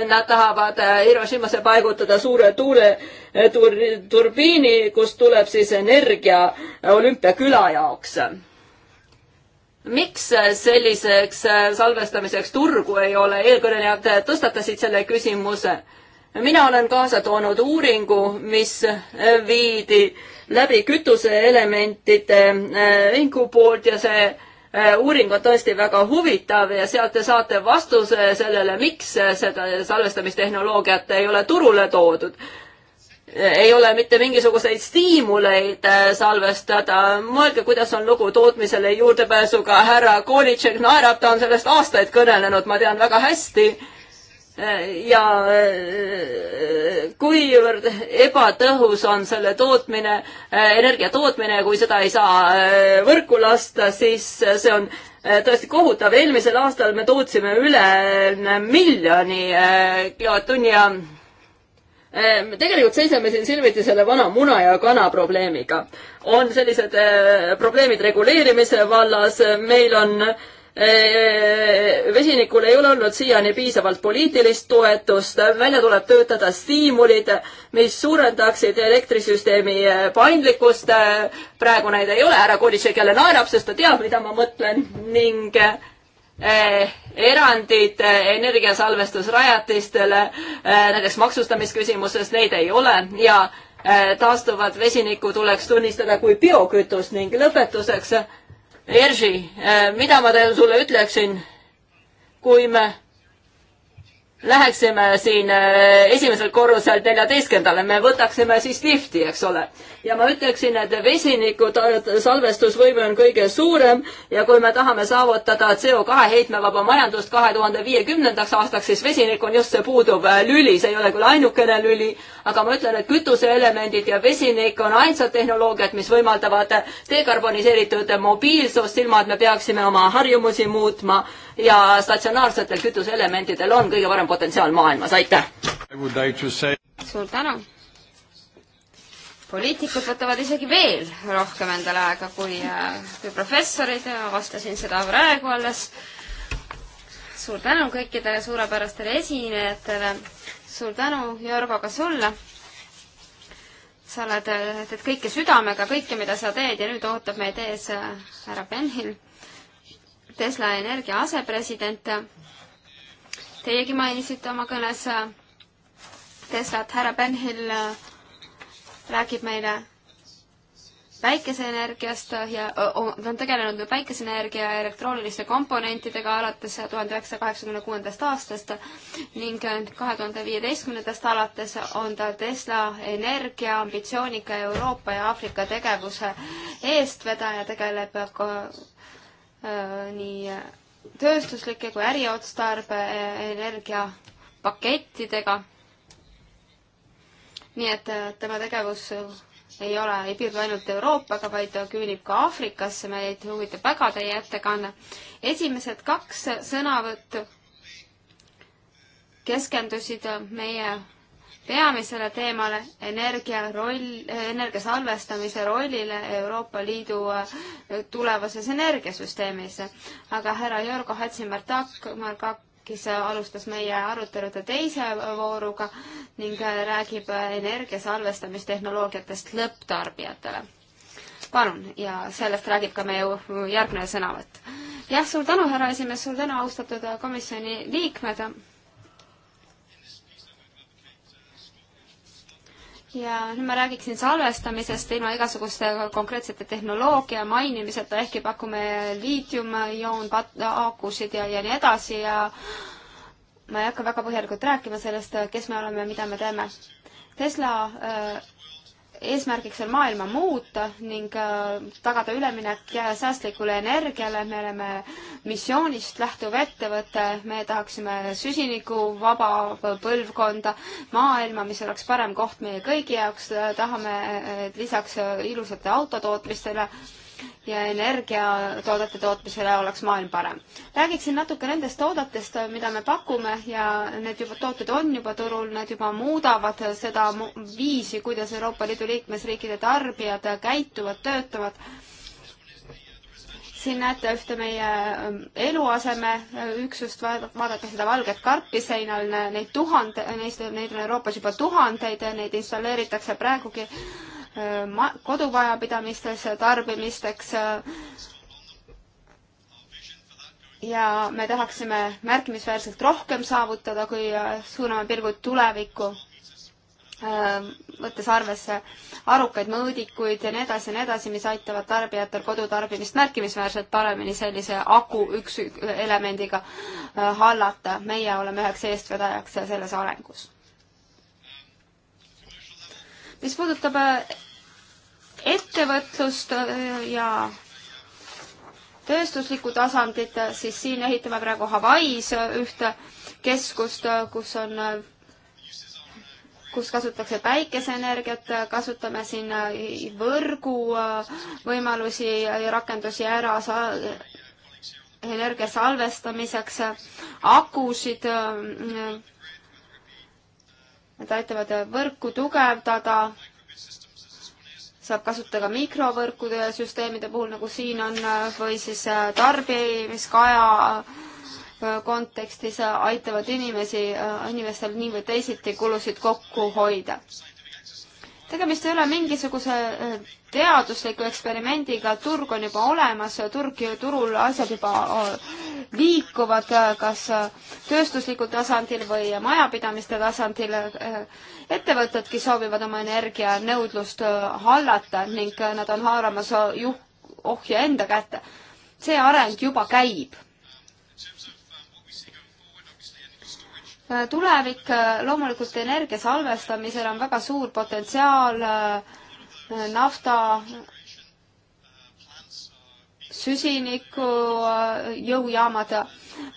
Nad tahavad äh, Hiroshimasse paigutada suure tuuleturbiini tur,, kus tuleb siis energia olümpiaküla jaoks miks selliseks äh, salvestamiseks turgu ei ole, eelkõnelejad tõstatasid selle küsimuse. mina olen kaasa toonud uuringu, mis äh, viidi läbi kütuseelementide ühingu äh, poolt ja see uuring on tõesti väga huvitav ja sealt te saate vastuse sellele, miks seda salvestamistehnoloogiat ei ole turule toodud ei ole mitte mingisuguseid stiimuleid äh, salvestada. mõelge, kuidas on lugu tootmisele juurdepääsuga. härra Kolitšek naerab, ta on sellest aastaid kõnelenud, ma tean väga hästi. Äh, ja äh, kuivõrd ebatõhus on selle tootmine, energia tootmine, kui seda ei saa võrku lasta, siis see on tõesti kohutav. eelmisel aastal me tootsime üle miljoni kilovatt-tunni ja Ehm, tegelikult seisame siin silmiti selle vana muna ja kana probleemiga. on sellised ehm, probleemid reguleerimise vallas, meil on ehm, vesinikul ei ole olnud siiani piisavalt poliitilist toetust, välja tuleb töötada stiimulid, mis suurendaksid elektrisüsteemi paindlikkust. praegu neid ei ole, härra Kodisek jälle naerab, sest ta teab, mida ma mõtlen ning äh, Eh, erandid eh, energiasalvestusrajatistele, eh, näiteks maksustamisküsimuses neid ei ole ja taastuvat vesinikku tuleks tunnistada kui biokütust ning lõpetuseks, Erži, mida ma teile sulle ütleksin, kui me läheksime siin äh, esimesel korrusel neljateistkümnendale, me võtaksime siis lifti, eks ole. ja ma ütleksin, et vesiniku salvestusvõime on kõige suurem ja kui me tahame saavutada CO2 heitmevaba majandust kahe tuhande viiekümnendaks aastaks, siis vesinik on just see puuduv äh, lüli, see ei ole küll ainukene lüli, aga ma ütlen, et kütuseelemendid ja vesinik on ainsad tehnoloogiad, mis võimaldavad dekarboniseeritud mobiilsust, ilma et me peaksime oma harjumusi muutma ja statsionaarsetel kütuseelementidel on kõige parem potentsiaal maailmas, aitäh! suur tänu! poliitikud võtavad isegi veel rohkem endale aega kui, äh, kui professorid ja vastasin seda praegu alles. suur tänu kõikidele suurepärastele esinejatele. suur tänu, Jorgo, ka sulle. sa oled, äh, teed kõike südamega, kõike, mida sa teed ja nüüd ootab meid ees äh, härra Penhil. Tesla Energia asepresident. Teiegi mainisite oma kõnes äh, Teslat, härra Benhill äh, räägib meile päikeseenergiast äh, ja ta on tegelenud päikeseenergia ja elektrooniliste komponentidega alates tuhande üheksasaja kaheksakümne kuuendast aastast ning kahe tuhande viieteistkümnendast alates on ta Tesla Energia ambitsioonika Euroopa ja Aafrika tegevuse eestvedaja, tegeleb Äh, nii tööstuslike kui äriotstarbe äh, energiapakettidega. nii et äh, tema tegevus ei ole, ei piirdu ainult Euroopaga, vaid küünib ka Aafrikasse, meid huvitab väga teie ettekanne. esimesed kaks sõnavõttu keskendusid meie peamisele teemale, energia roll, energia salvestamise rollile Euroopa Liidu äh, tulevases energiasüsteemis. aga härra Jorgo Hatzimarkakis alustas meie arutelude teise vooruga ning äh, räägib äh, energia salvestamistehnoloogiatest lõpptarbijatele. palun, ja sellest räägib ka meie järgmine sõnavõtt. jah, suur tänu, härra esimees, suur tänu, austatud komisjoni liikmed ja nüüd ma räägiksin salvestamisest ilma igasuguste konkreetsete tehnoloogia mainimiseta, ehkki pakume liitiumioonaakusid ja, ja nii edasi ja ma ei hakka väga põhjalikult rääkima sellest, kes me oleme ja mida me teeme. Tesla äh, eesmärgiks on maailma muuta ning äh, tagada üleminek säästlikule energiale, me oleme missioonist lähtuv ettevõte, me tahaksime süsinikuvaba põlvkonda, maailma, mis oleks parem koht meie kõigi jaoks, tahame lisaks ilusate autotootmistele ja energiatoodete tootmisele oleks maailm parem. räägiksin natuke nendest toodetest, mida me pakume ja need juba, tooted on juba turul, need juba muudavad seda viisi, kuidas Euroopa Liidu liikmesriikide tarbijad käituvad, töötavad. siin näete ühte meie ähm, eluasemeüksust, äh, vaadake seda valget karpi seinal, neid tuhande, neist, neid on Euroopas juba tuhandeid, neid installeeritakse praegugi ma-, koduvajapidamistes tarbimisteks ja me tahaksime märkimisväärselt rohkem saavutada, kui suuname pilgud tulevikku, võttes arvesse arukaid mõõdikuid ja nii edasi ja nii edasi, mis aitavad tarbijatel kodutarbimist märkimisväärselt paremini sellise aku üks elemendiga äh, hallata. meie oleme üheks eestvedajaks selles arengus mis puudutab äh, ettevõtlust äh, ja tööstuslikku tasandit, äh, siis siin ehitame praegu Hawaii's äh, ühte keskust, kus on, kus kasutatakse päikeseenergiat, kasutame siin võrgu võimalusi ja rakendusi ära energia salvestamiseks, akusid, mm, need aitavad võrku tugevdada saab kasutada mikrovõrkude süsteemide puhul, nagu siin on, või siis äh, tarbimiskaja äh, kontekstis äh, aitavad inimesi, inimestel nii või teisiti kulusid kokku hoida tegemist ei ole mingisuguse äh, teadusliku eksperimendiga, turg on juba olemas, turg, turul asjad juba äh, liikuvad, äh, kas tööstuslikul tasandil või majapidamiste tasandil. ettevõtedki soovivad oma energianõudlust hallata ning nad on haaramas juh-, ohja enda kätte. see areng juba käib tulevik, äh, loomulikult energia salvestamisel on väga suur potentsiaal, äh, nafta, süsiniku äh, jõujaamad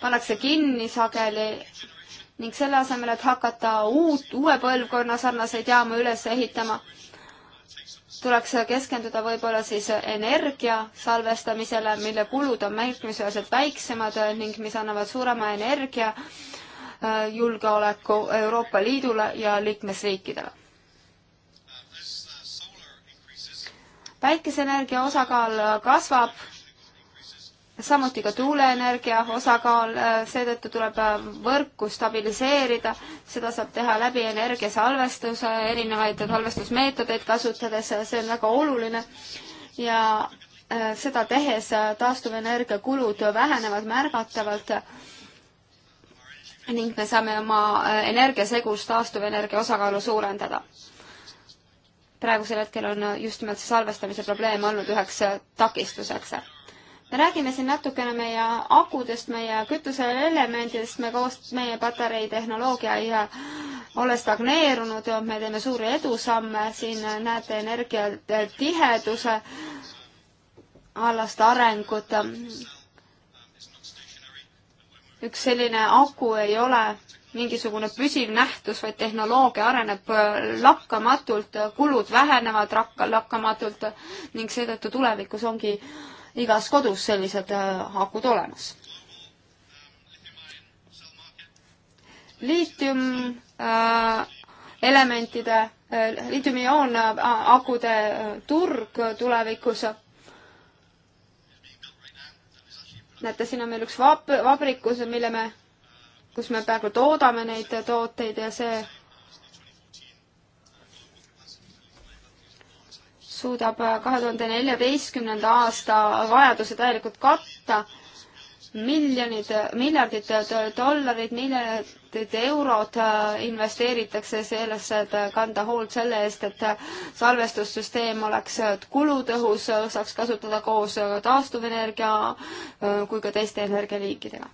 pannakse kinni sageli ning selle asemel, et hakata uut, uue põlvkonna sarnaseid jaamu üles ehitama, tuleks keskenduda võib-olla siis energia salvestamisele, mille kulud on märkimisväärselt väiksemad ning mis annavad suurema energia äh, Äh, julgeoleku Euroopa Liidule ja liikmesriikidele. päikeseenergia osakaal äh, kasvab, samuti ka tuuleenergia osakaal, äh, seetõttu tuleb võrku stabiliseerida, seda saab teha läbi energiasalvestuse, erinevaid salvestusmeetodeid kasutades, see on väga oluline ja seda tehes taastuvenergia kulud vähenevad märgatavalt ning me saame oma äh, energiasegus taastuvenergia osakaalu suurendada. praegusel hetkel on äh, just nimelt see salvestamise probleem olnud üheks äh, takistuseks. me räägime siin natukene meie akudest, meie kütuseelemendidest, me koos, meie patareitehnoloogia ei ole stagneerunud, me teeme suuri edusamme, siin näete energiatiheduse alast arengut üks selline aku ei ole mingisugune püsiv nähtus, vaid tehnoloogia areneb äh, lakkamatult, kulud vähenevad rakka, lakkamatult ning seetõttu tulevikus ongi igas kodus sellised äh, akud olemas. liitiumelementide, äh, liitiumioon akude turg tulevikus näete, siin on meil üks vab-, vabrikus, mille me, kus me praegu toodame neid tooteid ja see suudab kahe tuhande neljateistkümnenda aasta vajaduse täielikult katta miljonid, miljardid dollarid, miljardid eurod investeeritakse sellesse, et kanda hoolt selle eest, et salvestussüsteem oleks kulutõhus, saaks kasutada koos taastuvenergia äh, kui ka teiste energialiikidega.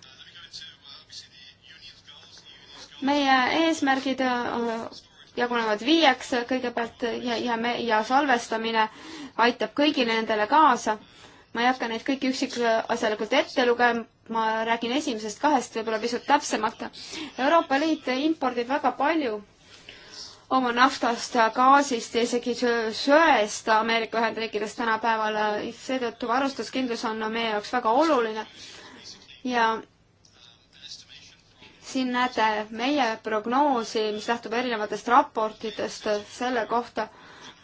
meie eesmärgid äh, jagunevad viieks kõigepealt ja, ja me, ja salvestamine aitab kõigile nendele kaasa ma ei hakka neid kõiki üksikasjalikult ette lugema, ma räägin esimesest kahest võib-olla pisut täpsemalt. Euroopa Liit impordib väga palju oma naftast, gaasist ja isegi söest Ameerika Ühendriikidest tänapäeval, seetõttu varustuskindlus on meie jaoks väga oluline. ja siin näete meie prognoosi, mis lähtub erinevatest raportitest selle kohta,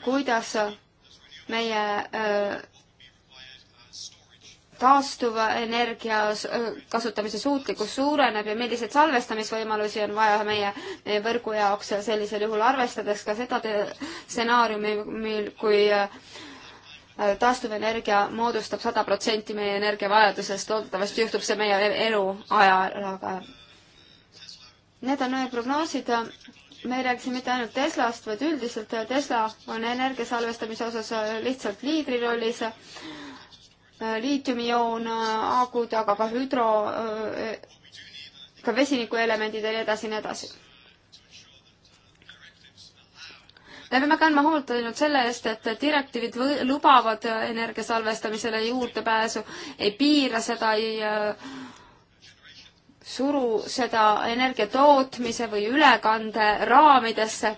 kuidas meie öö, äh, taastuva energia kasutamise suutlikkus suureneb ja milliseid salvestamisvõimalusi on vaja meie, meie võrgu jaoks ja sellisel juhul arvestades ka seda stsenaariumi, mil, kui äh, taastuvenergia moodustab sada protsenti meie energiavajadusest, loodetavasti juhtub see meie e-, eluajal, aga need on meie prognoosid me ei rääkisi mitte ainult Teslast, vaid üldiselt Tesla on energia salvestamise osas lihtsalt liidrirollis liitiumioon, agud, aga ka hüdro, ka vesinikuelemendid ja nii edasi ja nii edasi. me peame kandma hoolt ainult selle eest, et direktiivid või, lubavad energia salvestamisele juurdepääsu, ei piira seda, ei äh, suru seda energia tootmise või ülekande raamidesse.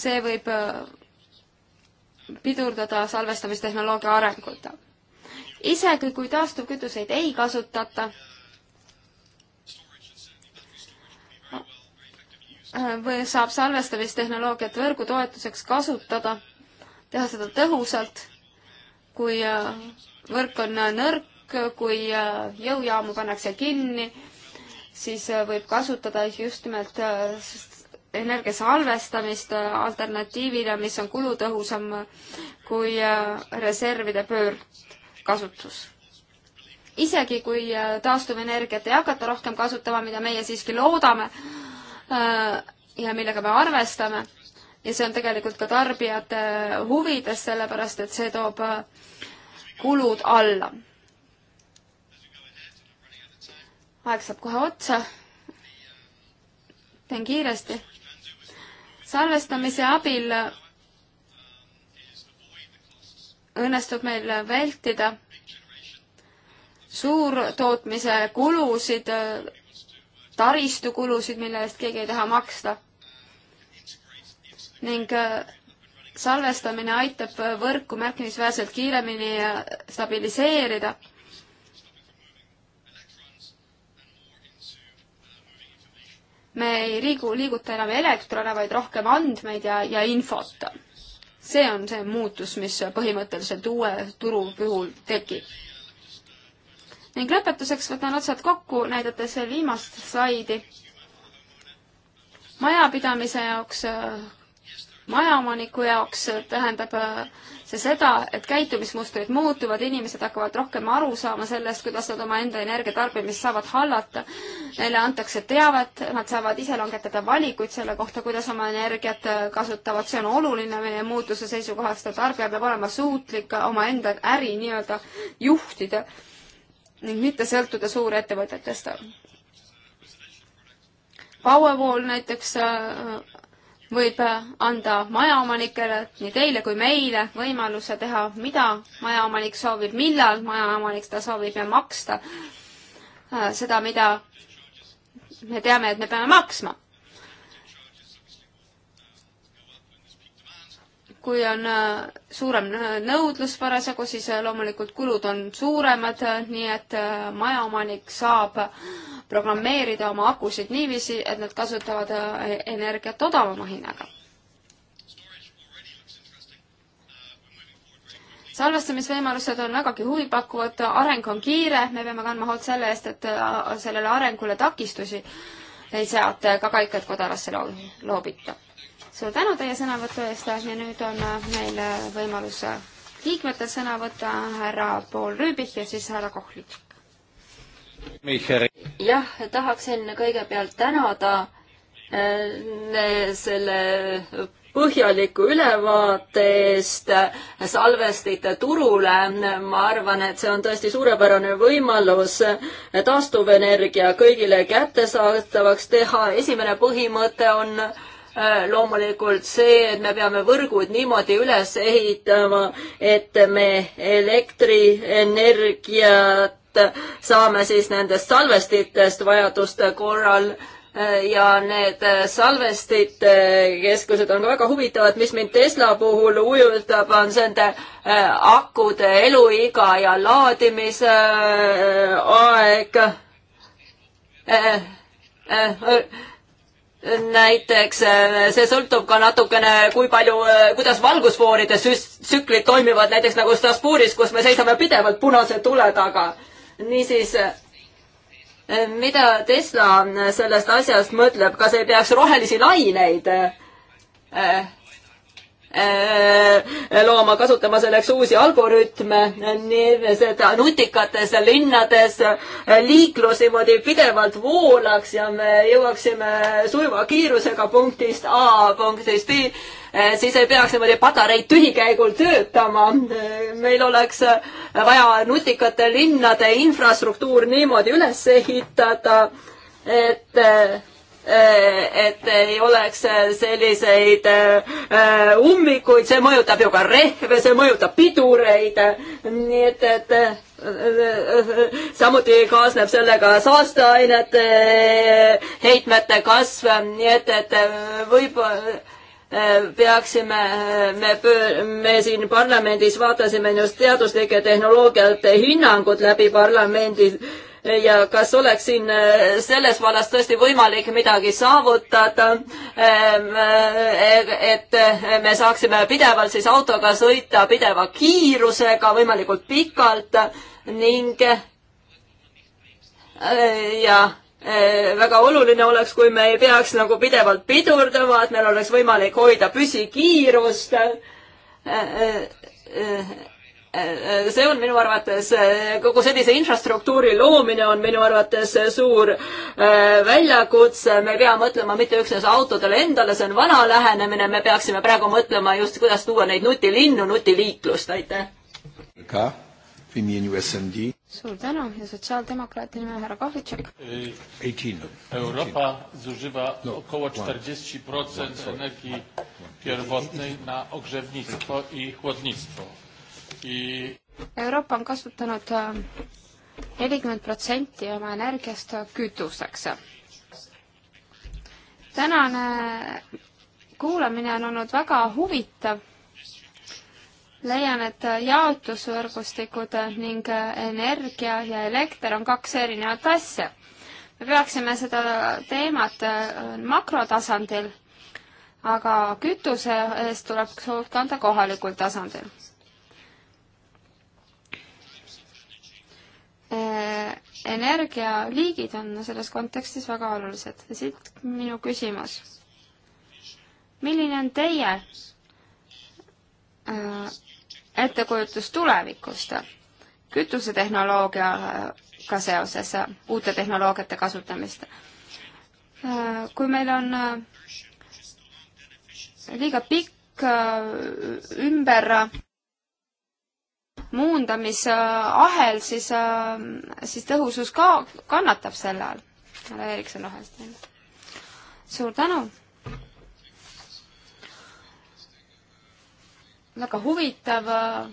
see võib äh, pidurdada salvestamistehnoloogia arengut. isegi kui taastuvkütuseid ei kasutata, või saab salvestamistehnoloogiat võrgu toetuseks kasutada, teha seda tõhusalt, kui äh, võrk on äh, nõrk, kui äh, jõujaamu pannakse kinni, siis võib kasutada just nimelt energia salvestamist äh, alternatiivina, mis on kulutõhusam äh, kui äh, reservide pöördkasutus. isegi kui taastuvenergiat ei hakata rohkem kasutama, mida meie siiski loodame ja millega me arvestame, ja see on tegelikult ka tarbijate huvides, sellepärast et see toob kulud alla. aeg saab kohe otsa. teen kiiresti salvestamise abil õnnestub meil vältida suurtootmise kulusid, taristukulusid, mille eest keegi ei taha maksta. ning äh, salvestamine aitab võrku märkimisväärselt kiiremini äh, stabiliseerida me ei liigu, liiguta enam elektrona, vaid rohkem andmeid ja, ja infot. see on see muutus, mis põhimõtteliselt uue turu puhul tekib. ning lõpetuseks võtan otsad kokku, näidates viimast slaidi. majapidamise jaoks majaomaniku jaoks tähendab äh, see seda, et käitumismustrid muutuvad, inimesed hakkavad rohkem aru saama sellest, kuidas nad omaenda energiatarbimist saavad hallata. Neile antakse teavet, nad saavad ise langetada valikuid selle kohta, kuidas oma energiat äh, kasutavad, see on oluline meie muutuse seisukohast, et tarbija peab olema suutlik omaenda äri nii-öelda juhtida ning mitte sõltuda suurettevõtetest. Powerwall näiteks äh, võib äh, anda majaomanikele, nii teile kui meile, võimaluse teha, mida majaomanik soovib, millal majaomanik seda soovib ja maksta äh, seda, mida me teame, et me peame maksma. kui on äh, suurem nõudlus parasjagu, siis loomulikult kulud on suuremad, nii et majaomanik saab äh, programmeerida oma akusid niiviisi, et nad kasutavad äh, energiat odavama hinnaga. salvestamisvõimalused on vägagi huvipakkuvad, areng on kiire, me peame kandma hoolt selle eest, et äh, sellele arengule takistusi ei seata ega ka kaikad kodarasse loobita. suur tänu teie sõnavõtu eest ja nüüd on äh, meil võimalus liikmetel sõna võtta, härra Paul Rüübich ja siis härra Kohlik jah, tahaksin kõigepealt tänada äh, selle põhjaliku ülevaate eest salvestite turule. ma arvan, et see on tõesti suurepärane võimalus taastuvenergia kõigile kättesaadavaks teha. esimene põhimõte on äh, loomulikult see, et me peame võrgud niimoodi üles ehitama, et me elektrienergiat saame siis nendest salvestitest vajaduste korral ja need salvestite keskused on ka väga huvitavad, mis mind Tesla puhul ujutab, on nende äh, akude eluiga ja laadimise äh, aeg. Äh, näiteks see sõltub ka natukene, kui palju, kuidas valgusfooride tsüklid toimivad, näiteks nagu Strasbourgis, kus me seisame pidevalt punase tule taga niisiis, mida Tesla sellest asjast mõtleb, kas ei peaks rohelisi laineid äh, äh, looma, kasutama selleks uusi algoritme, nii seda nutikates linnades liiklus niimoodi pidevalt voolaks ja me jõuaksime sujuva kiirusega punktist A punktist B Eh, siis ei peaks niimoodi patareid tühikäigul töötama. Eh, meil oleks eh, vaja nutikate linnade infrastruktuur niimoodi üles ehitada, et et ei oleks selliseid ummikuid, see mõjutab ju ka rehve, see mõjutab pidureid, nii et, et samuti kaasneb sellega saasteainete heitmete kasv, nii et, et võib-olla Äh, peaksime, äh, me, me siin parlamendis vaatasime just teaduslike tehnoloogiate hinnangud läbi parlamendi ja kas oleks siin äh, selles vallas tõesti võimalik midagi saavutada, ähm, et me saaksime pidevalt siis autoga sõita pideva kiirusega võimalikult pikalt ning ja Eh, väga oluline oleks, kui me ei peaks nagu pidevalt pidurdama, et meil oleks võimalik hoida püsikiirust. Eh, eh, see on minu arvates, kogu sellise infrastruktuuri loomine on minu arvates suur väljakutse, me ei pea mõtlema mitte üksnes autodele endale, see on vana lähenemine, me peaksime praegu mõtlema just, kuidas tuua neid nutilinnu, nutiliiklust, aitäh w imieniu SND. Suur tänu ja sotsiaaldemokraati nimel härra Pavlitšek. Äh, Euroopa zużywa no, około 40% one, one, energii one, pierwotnej na ogrzewnictwo i chłodnictwo. I... Euroopa on kasutanud ehm, nelikümmend protsenti oma energiast kütuseks. tänane kuulamine on olnud väga huvitav leian, et äh, jaotusvõrgustikud äh, ning äh, energia ja elekter on kaks erinevat asja. me peaksime seda teemat makrotasandil, aga kütuse eest tuleb hoolt kanda kohalikul tasandil. energialiigid on selles kontekstis väga olulised ja siit minu küsimus. milline on teie ettekujutus tulevikust kütusetehnoloogiaga seoses, uute tehnoloogiate kasutamist. kui meil on liiga pikk ümber muundamisahel, siis, siis tõhusus ka kannatab selle all. härra Erikson Rohelstein. suur tänu! väga huvitav äh,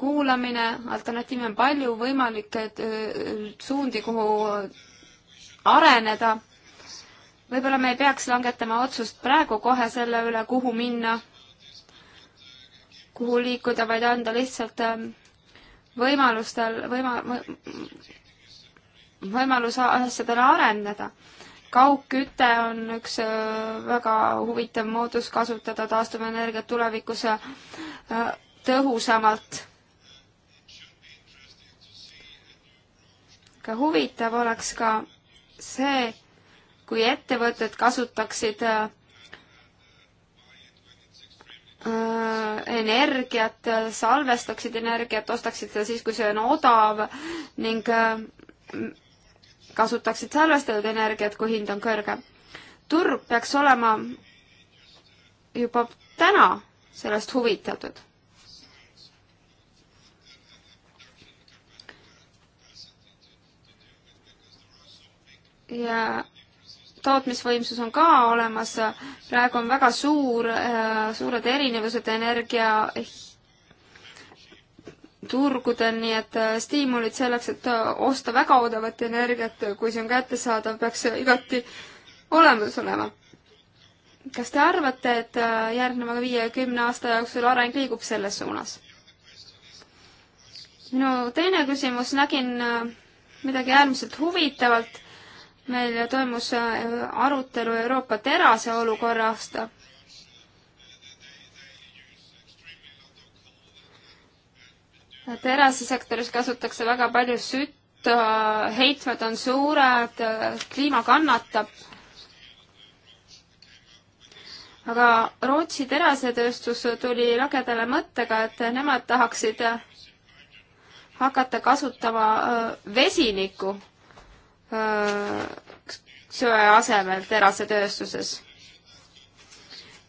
kuulamine, alternatiive on palju, võimalikke äh, suundi, kuhu areneda. võib-olla me ei peaks langetama otsust praegu kohe selle üle, kuhu minna, kuhu liikuda, vaid anda lihtsalt äh, võimalustel, võima-, võimalus asjadele areneda kaugküte on üks äh, väga huvitav moodus kasutada taastuvenergiat tulevikus äh, tõhusamalt. ka huvitav oleks ka see, kui ettevõtted kasutaksid äh, energiat, salvestaksid energiat, ostaksid seda siis, kui see on odav ning kasutaksid salvestatud energiat, kui hind on kõrge. turg peaks olema juba täna sellest huvitatud. ja tootmisvõimsus on ka olemas, praegu on väga suur, äh, suured erinevused energia turgudel, nii et äh, stiimulid selleks, et äh, osta väga odavat energiat, äh, kui see on kättesaadav, peaks igati olemas olema. kas te arvate, et järgneva viie-kümne aasta jooksul areng liigub selles suunas? minu teine küsimus, nägin midagi äärmiselt huvitavat. meil toimus arutelu Euroopa terase olukorrast terasesektoris kasutatakse väga palju sütt, heitmed on suured, kliima kannatab. aga Rootsi terasetööstus tuli lagedale mõttega, et nemad tahaksid hakata kasutama äh, vesinikku äh, söe asemel terasetööstuses.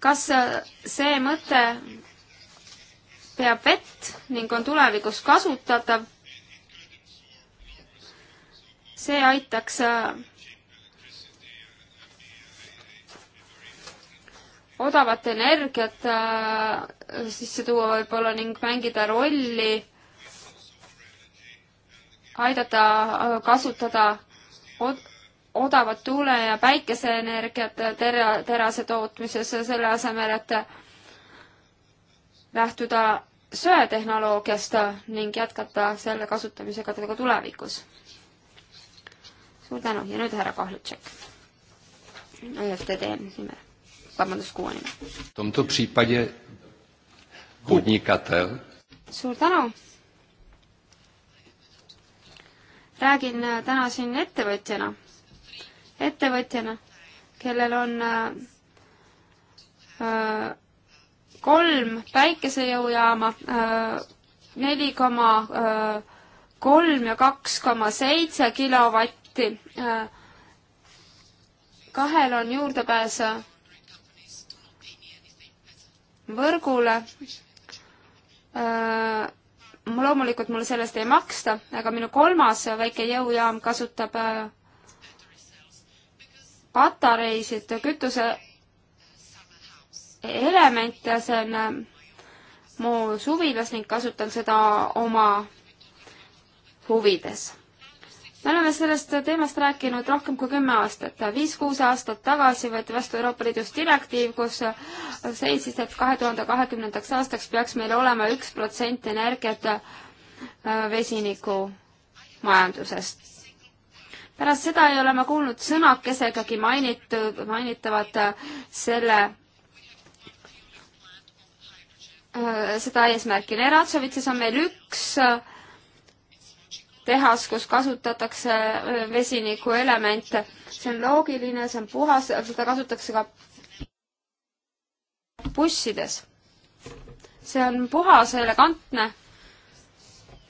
kas äh, see mõte peab vett ning on tulevikus kasutatav. see aitaks äh, odavat energiat äh, sisse tuua võib-olla ning mängida rolli, aidata äh, kasutada od-, odavat tuule- ja päikeseenergiat tera-, terase tootmises, selle asemel, et lähtuda söetehnoloogiast ning jätkata selle kasutamisega ka tulevikus. suur tänu ja nüüd härra Kahlutšek. EFTD nimel, vabandust, kuue nimel. suur tänu. räägin täna siin ettevõtjana, ettevõtjana, kellel on äh, äh, kolm päikesejõujaama, äh, neli koma äh, kolm ja kaks koma seitse kilovatti. Äh, kahel on juurdepääs võrgule. loomulikult mulle sellest ei maksta, aga minu kolmas väike jõujaam kasutab patareisid kütuse element ja see on äh, mu suvilas ning kasutan seda oma huvides. me oleme sellest teemast rääkinud rohkem kui kümme aastat. viis-kuus aastat tagasi võeti vastu Euroopa Liidus direktiiv, kus seisis, et kahe tuhande kahekümnendaks aastaks peaks meil olema üks protsent energiat äh, vesiniku majandusest. pärast seda ei ole ma kuulnud sõnakesegagi mainitud, mainitavat selle Äh, seda eesmärki. Neratšovitses on meil üks äh, tehas, kus kasutatakse äh, vesinikuelemente. see on loogiline, see on puhas, seda kasutatakse ka bussides. see on puhas, elegantne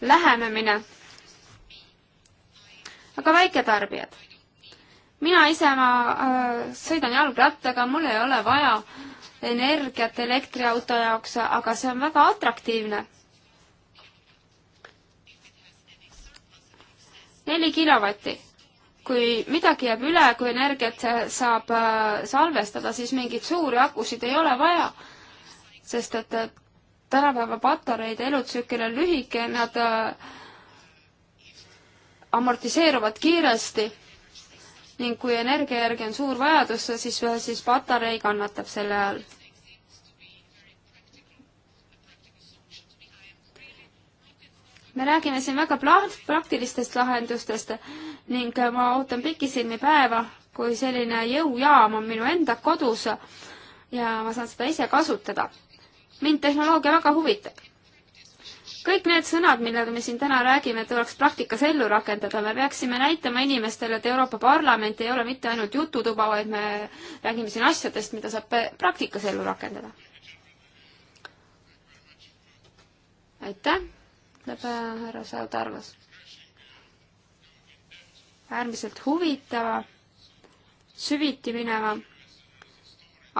lähenemine. aga väiketarbijad? mina ise, ma äh, sõidan jalgrattaga, mul ei ole vaja äh, energiat elektriauto jaoks, aga see on väga atraktiivne. neli kilovatti. kui midagi jääb üle, kui energiat saab äh, salvestada, siis mingeid suuri akusid ei ole vaja, sest et tänapäeva patareide elutsükkel on lühike, nad äh, amortiseeruvad kiiresti ning kui energia järgi on suur vajadus, siis, siis patarei kannatab selle all. me räägime siin väga praktilistest lahendustest ning ma ootan pikisilmi päeva, kui selline jõujaam on minu enda kodus ja ma saan seda ise kasutada. mind tehnoloogia väga huvitab. kõik need sõnad, millega me siin täna räägime, tuleks praktikas ellu rakendada, me peaksime näitama inimestele, et Euroopa Parlament ei ole mitte ainult jututuba, vaid me räägime siin asjadest, mida saab praktikas ellu rakendada. aitäh! ütleb äh, härra Saudargas. äärmiselt huvitava, süviti mineva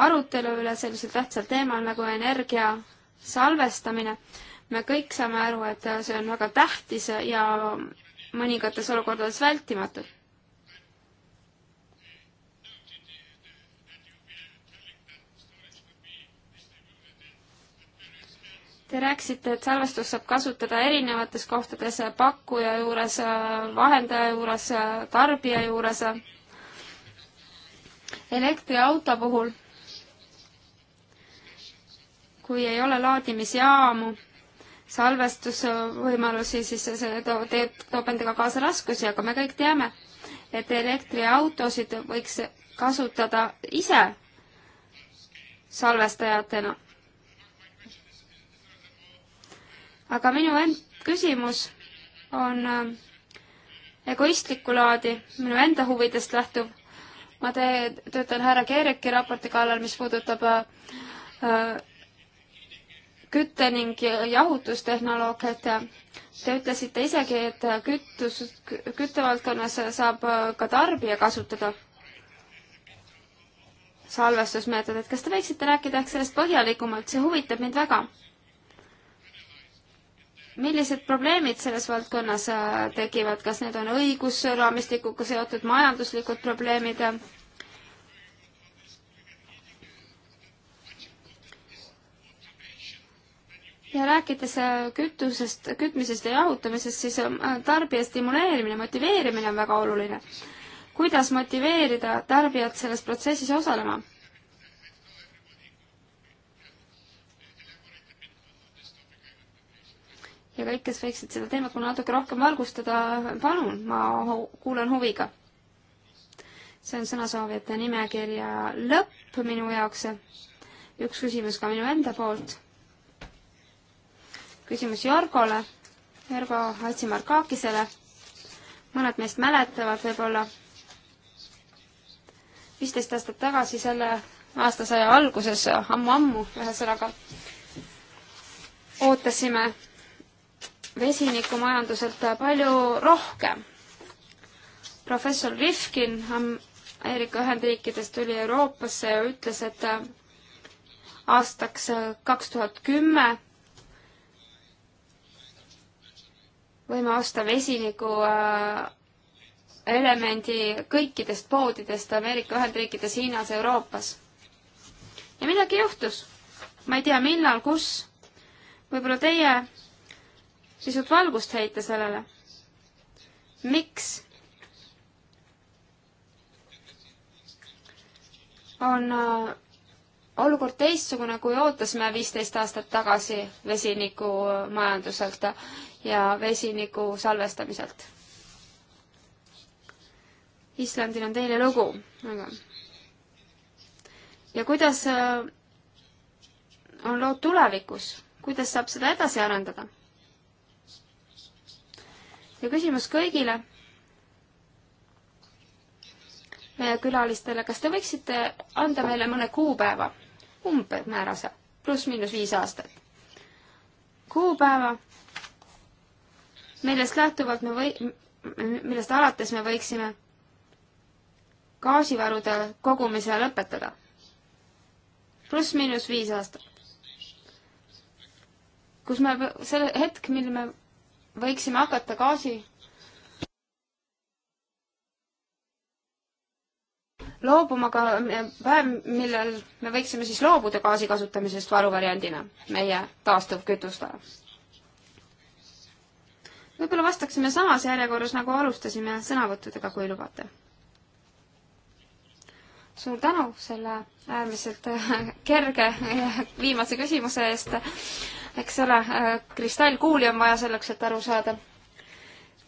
arutelu üle sellisel tähtsal teemal nagu energia salvestamine. me kõik saame aru, et see on väga tähtis ja mõningates olukordades vältimatu Te rääkisite, et salvestust saab kasutada erinevates kohtades, pakkuja juures, vahendaja juures, tarbija juures. elektriauto puhul, kui ei ole laadimisjaamu, salvestusvõimalusi, siis see toob, toob endaga kaasa raskusi, aga me kõik teame, et elektriautosid võiks kasutada ise salvestajatena aga minu end-, küsimus on äh, egoistlikku laadi, minu enda huvidest lähtuv. ma tee, töötan härra Keereki raporti kallal, mis puudutab äh, äh, kütte- ning jahutustehnoloogiat ja te ütlesite isegi, et kütus, küttevaldkonnas saab äh, ka tarbija kasutada salvestusmeetodit. kas te võiksite rääkida ehk sellest põhjalikumalt, see huvitab mind väga millised probleemid selles valdkonnas äh, tekivad, kas need on õigusraamistikuga seotud majanduslikud probleemid? ja rääkides äh, kütusest, kütmisest ja jahutamisest, siis äh, tarbija stimuleerimine, motiveerimine on väga oluline. kuidas motiveerida tarbijat selles protsessis osalema? ja kõik, kes võiksid seda teemat mulle natuke rohkem valgustada, palun, ma kuulan huviga. see on sõnasoovijate nimekirja lõpp minu jaoks. üks küsimus ka minu enda poolt. küsimus Jorgole, Jorgo Hatsimarkakisele. mõned meist mäletavad võib-olla viisteist aastat tagasi selle aastasaja alguses ammu,, ammu-ammu ühesõnaga, ootasime vesinikumajanduselt palju rohkem. professor Rifkin Ameerika Ühendriikidest tuli Euroopasse ja ütles, et äh, aastaks äh, kaks tuhat kümme võime osta vesiniku äh, elemendi kõikidest poodidest Ameerika Ühendriikides, Hiinas, Euroopas. ja midagi juhtus. ma ei tea, millal, kus. võib-olla teie pisut valgust heita sellele. miks on äh, olukord teistsugune, kui ootasime viisteist aastat tagasi vesinikumajanduselt ja vesiniku salvestamiselt? Islandil on teine lugu, aga ja kuidas äh, on lood tulevikus, kuidas saab seda edasi arendada? ja küsimus kõigile meie külalistele, kas te võiksite anda meile mõne kuupäeva, umbmäärase, pluss-miinus viis aastat? kuupäeva, millest lähtuvalt me või-, millest alates me võiksime gaasivarude kogumise lõpetada. pluss-miinus viis aastat. kus me, selle hetk, mil me võiksime hakata gaasi loobuma ka päev, millel me võiksime siis loobuda gaasi kasutamisest varuvariandina meie taastuvkütustele. võib-olla vastaksime samas järjekorras, nagu alustasime sõnavõttudega, kui lubate. suur tänu selle äärmiselt kerge viimase küsimuse eest eks ole, äh, kristallkuuli on vaja selleks, et aru saada,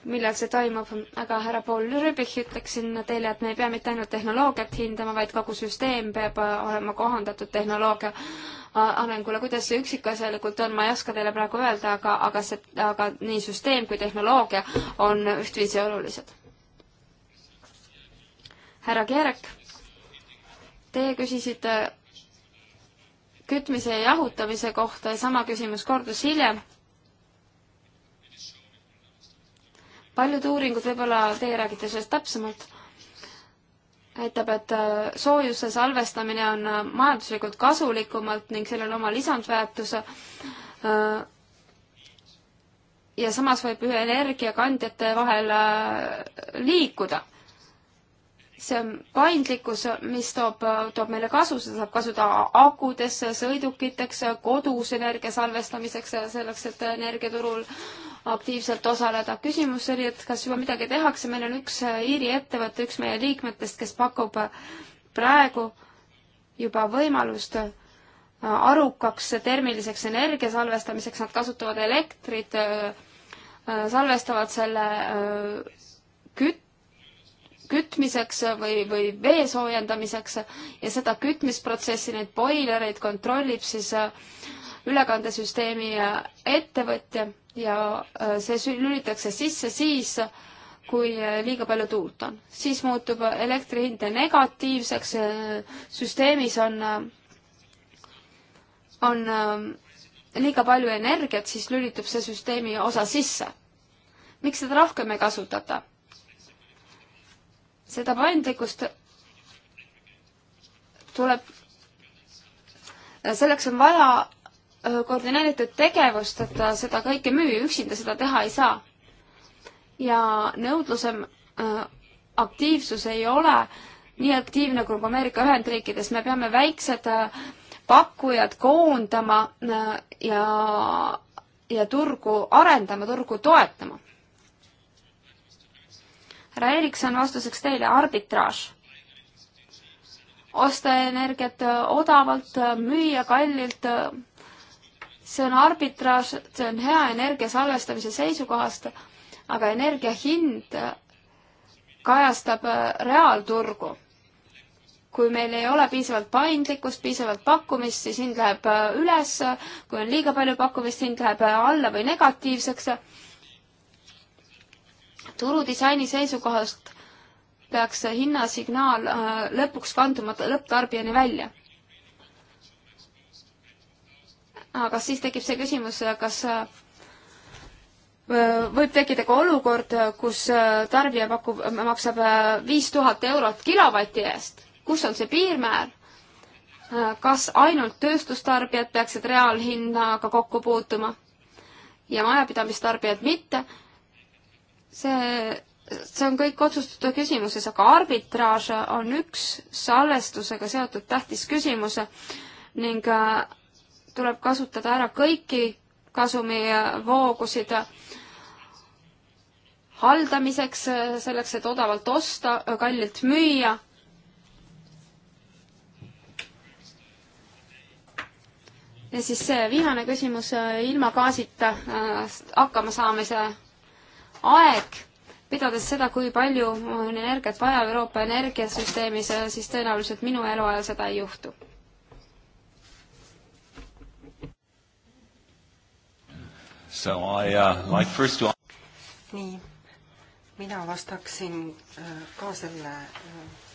millal see toimub, aga härra Paul Rübich, ütleksin teile, et me ei pea mitte ainult tehnoloogiat hindama, vaid kogu süsteem peab äh, olema kohandatud tehnoloogia äh, arengule, kuidas see üksikasjalikult on, ma ei oska teile praegu öelda, aga, aga see, aga nii süsteem kui tehnoloogia on ühtviisi olulised. härra Kierek, teie küsisite kütmise ja jahutamise kohta ja sama küsimus kordus hiljem. paljud uuringud, võib-olla teie räägite sellest täpsemalt, näitab, et äh, soojuse salvestamine on äh, majanduslikult kasulikumalt ning sellel oma lisandväärtuse äh, ja samas võib ühe energiakandjate vahel liikuda see on paindlikkus, mis toob, toob meile kasu, seda saab kasutada akudesse, sõidukiteks, kodus energia salvestamiseks, selleks, et energiaturul aktiivselt osaleda. küsimus oli, et kas juba midagi tehakse, meil on üks Iiri ettevõte, üks meie liikmetest, kes pakub praegu juba võimalust arukaks termiliseks energia salvestamiseks, nad kasutavad elektrit, salvestavad selle kütte, kütmiseks või, või vee soojendamiseks ja seda kütmisprotsessi, neid boilereid kontrollib siis äh, ülekandesüsteemi äh, ettevõtja ja äh, see lülitakse sisse siis, kui liiga palju tuult on. siis muutub elektri hind negatiivseks, süsteemis on, on liiga palju energiat, siis lülitub see süsteemi osa sisse. miks seda rohkem ei kasutata? seda paindlikkust tuleb, selleks on vaja äh, koordineeritud tegevust, et seda kõike müüa, üksinda seda teha ei saa. ja nõudluse äh, aktiivsus ei ole nii aktiivne kui Ameerika Ühendriikides, me peame väiksed äh, pakkujad koondama ja, ja turgu arendama, turgu toetama härra Erikson, vastuseks teile arbitraaž. osta energiat odavalt, müüa kallilt, see on arbitraaž, see on hea energia salvestamise seisukohast, aga energia hind kajastab äh, reaalturgu kui meil ei ole piisavalt paindlikkust, piisavalt pakkumist, siis hind läheb äh, üles, kui on liiga palju pakkumist, hind läheb äh, alla või negatiivseks turudisaini seisukohast peaks see hinnasignaal äh, lõpuks kanduma lõpptarbijani välja. aga siis tekib see küsimus, kas äh, võib tekkida ka olukord, kus äh, tarbija pakub, maksab viis tuhat eurot kilovati eest. kus on see piirmäär? kas ainult tööstustarbijad peaksid reaalhinnaga kokku puutuma ja majapidamistarbijad mitte? see, see on kõik otsustada küsimuses, aga arbitraaž on üks salvestusega seotud tähtis küsimus ning äh, tuleb kasutada ära kõiki kasumivoogusid haldamiseks, äh, selleks, et odavalt osta, kallilt müüa ja siis see viimane küsimus äh, ilma gaasita hakkama saamise aeg, pidades seda, kui palju on energiat vaja Euroopa energiasüsteemis, siis tõenäoliselt minu eluajal seda ei juhtu. So I uh, like first to nii, mina vastaksin äh, ka selle äh,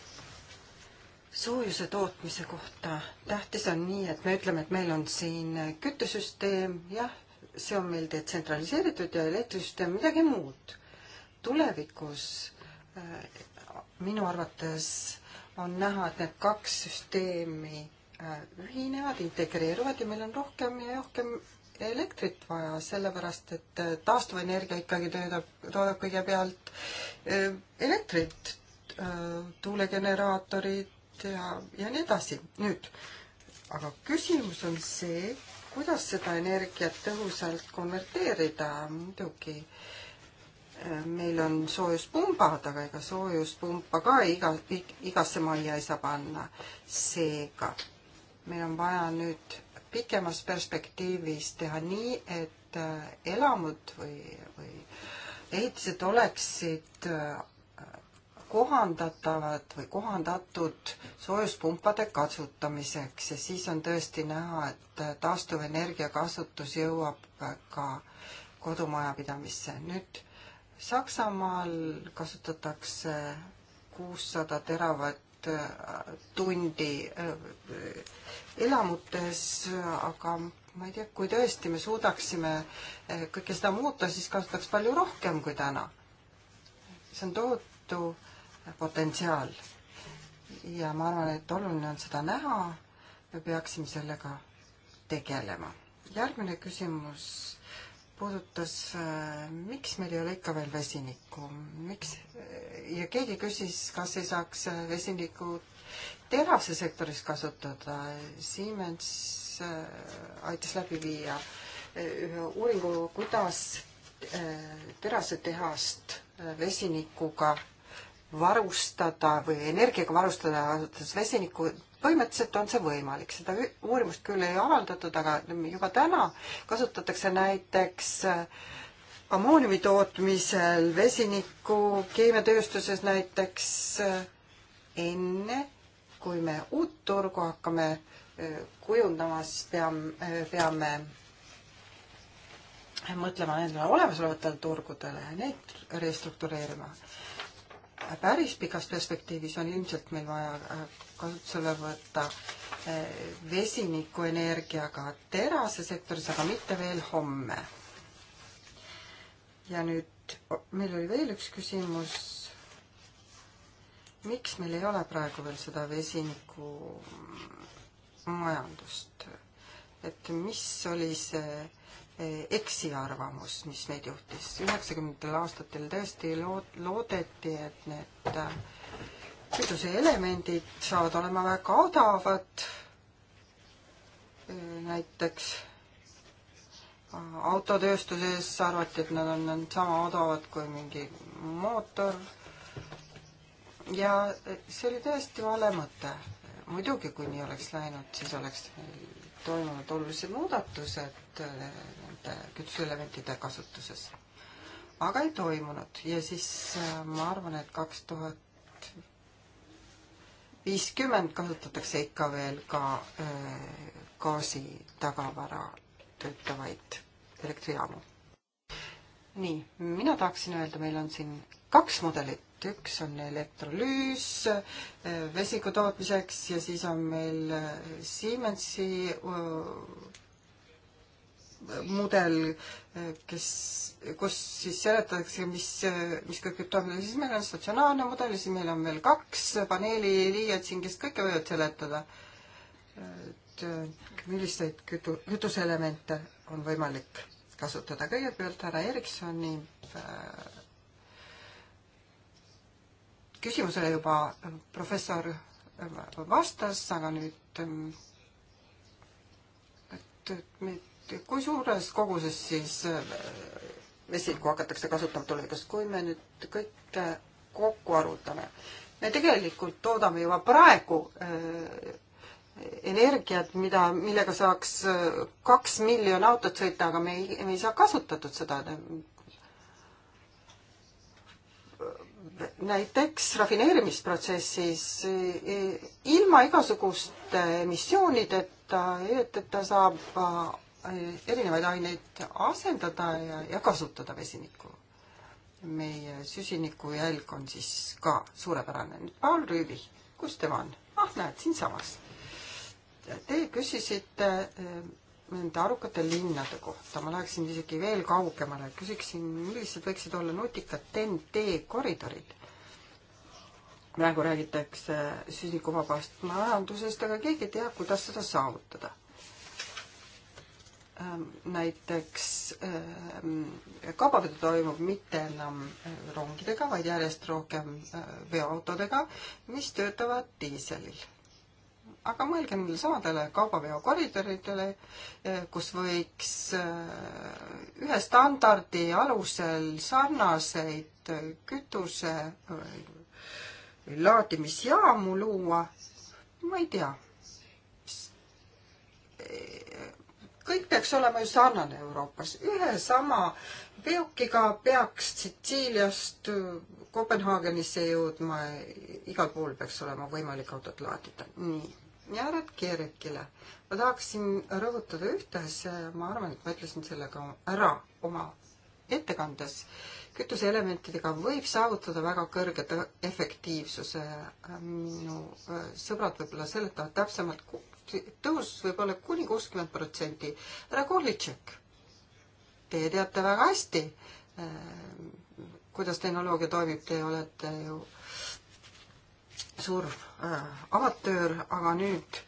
soojuse tootmise kohta tähtis on nii, et me ütleme, et meil on siin küttesüsteem, jah, see on meil detsentraliseeritud ja elektrisüsteem midagi muud. tulevikus äh, minu arvates on näha, et need kaks süsteemi äh, ühinevad, integreeruvad ja meil on rohkem ja rohkem elektrit vaja, sellepärast et äh, taastuvenergia ikkagi töötab, toodab kõigepealt elektrit, tuulegeneraatorid ja, ja nii edasi. nüüd, aga küsimus on see, kuidas seda energiat tõhusalt konverteerida, muidugi äh, meil on soojuspumbad, aga ega soojuspumpa ka iga, igasse majja ei saa panna. seega meil on vaja nüüd pikemas perspektiivis teha nii, et äh, elamud või, või ehitised oleksid äh, kohandatavad või kohandatud soojuspumpade kasutamiseks ja siis on tõesti näha, et taastuvenergia kasutus jõuab ka kodumajapidamisse. nüüd Saksamaal kasutatakse kuussada teravat äh, tundi äh, elamutes, aga ma ei tea, kui tõesti me suudaksime äh, kõike seda muuta, siis kasutaks palju rohkem kui täna. see on tohutu potentsiaal. ja ma arvan, et oluline on seda näha, me peaksime sellega tegelema. järgmine küsimus puudutas, äh, miks meil ei ole ikka veel vesinikku, miks äh, ja keegi küsis, kas ei saaks äh, vesinikku terasesektoris kasutada. Siemens aitas läbi viia ühe uuringu, kuidas terasetehast vesinikuga varustada või energiaga varustada, kasutades vesinikku, põhimõtteliselt on see võimalik, seda uurimust küll ei avaldatud, aga juba täna kasutatakse näiteks äh, ammooniumi tootmisel vesinikku, keemiatööstuses näiteks äh, enne, kui me uut turgu hakkame äh, kujundama, siis peame, peame mõtlema nendele olemasolevatele turgudele ja neid restruktureerima päris pikas perspektiivis on ilmselt meil vaja äh, kasutusele võtta äh, vesinikuenergiaga terasesektoris, aga mitte veel homme. ja nüüd meil oli veel üks küsimus. miks meil ei ole praegu veel seda vesinikumajandust? et mis oli see E, eksiarvamus, mis meid juhtis. üheksakümnendatel aastatel tõesti lood-, loodeti, et need kütuseelemendid äh, saavad olema väga odavad, e, näiteks autotööstuses arvati, et nad on, on sama odavad kui mingi mootor. ja see oli täiesti vale mõte. muidugi, kui nii oleks läinud, siis oleks toimunud olulised muudatused e, elementide, kütuseelementide kasutuses. aga ei toimunud ja siis äh, ma arvan, et kaks tuhat viiskümmend kasutatakse ikka veel ka äh, gaasi tagavara töötavaid elektrijaamu. nii, mina tahaksin öelda, meil on siin kaks mudelit, üks on elektrolüüs äh, vesiku tootmiseks ja siis on meil Siemensi mudel, kes, kus siis seletatakse, mis, mis kõik võib toimuda, siis meil on statsionaarne mudel ja siis meil on veel kaks paneeliliiget siin, kes kõike võivad seletada. et milliseid kütu, kütuselemente on võimalik kasutada. kõigepealt härra Ericssoni äh, küsimusele juba professor vastas, aga nüüd et, et me kui suures koguses siis äh, vesinikku hakatakse kasutama tulevikus, kui me nüüd kõike kokku arvutame? me tegelikult toodame juba praegu äh, energiat, mida, millega saaks äh, kaks miljon autot sõita, aga me ei, me ei saa kasutatud seda. näiteks rafineerimisprotsessis ilma igasuguste emissioonideta, heiteta saab erinevaid aineid asendada ja, ja kasutada vesinikku. meie süsinikujälg on siis ka suurepärane. nüüd Paul Rüüvi, kus tema on? ah, näed, siinsamas. Te küsisite eh, nende arukate linnade kohta, ma läheksin isegi veel kaugemale, küsiksin, millised võiksid olla nutikad TEN-T koridorid praegu räägitakse süsinikuvabast majandusest, aga keegi ei tea, kuidas seda saavutada. Ähm, näiteks ähm, kaubavedu toimub mitte enam äh, rongidega, vaid järjest rohkem äh, veoautodega, mis töötavad diiselil. aga mõelge nendele samadele kaubaveokoridoridele, äh, kus võiks ühe standardi alusel sarnaseid kütuse või laadimisjaamu luua, ma ei tea kõik peaks olema ju sarnane Euroopas. ühe sama veokiga peaks Sitsiiliast äh, Kopenhaagenisse jõudma, igal pool peaks olema võimalik autot laadida. nii, ja härra Kerkile. ma tahaksin rõhutada ühte asja ja ma arvan, et ma ütlesin selle ka ära oma ettekandes. kütuseelementidega võib saavutada väga kõrge efektiivsuse. minu äh, sõbrad võib-olla seletavad täpsemalt, tõus võib olla kuni kuuskümmend protsenti. härra Kohlitšek, teie teate väga hästi, äh, kuidas tehnoloogia toimib, te olete ju suur äh, avatöör, aga nüüd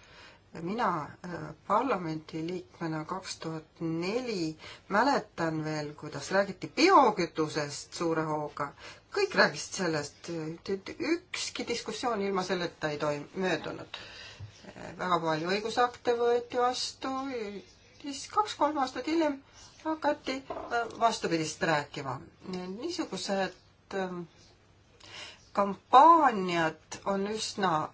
mina äh, parlamendiliikmena kaks tuhat neli mäletan veel, kuidas räägiti biokütusest suure hooga. kõik rääkisid sellest, ükski diskussioon ilma selleta ei toim-, möödunud väga palju õigusakte võeti vastu, siis kaks-kolm aastat hiljem hakati äh, vastupidist rääkima. niisugused ähm, kampaaniad on üsna,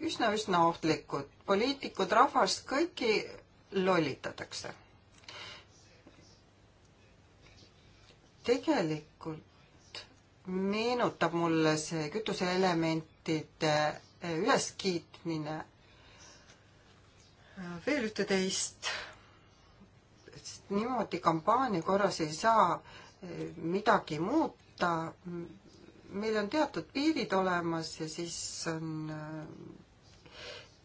üsna, üsna ohtlikud. poliitikud, rahvast, kõiki lollitatakse. tegelikult meenutab mulle see kütuseelementide üleskiitmine veel ühte-teist. niimoodi kampaania korras ei saa eh, midagi muuta. meil on teatud piirid olemas ja siis on eh,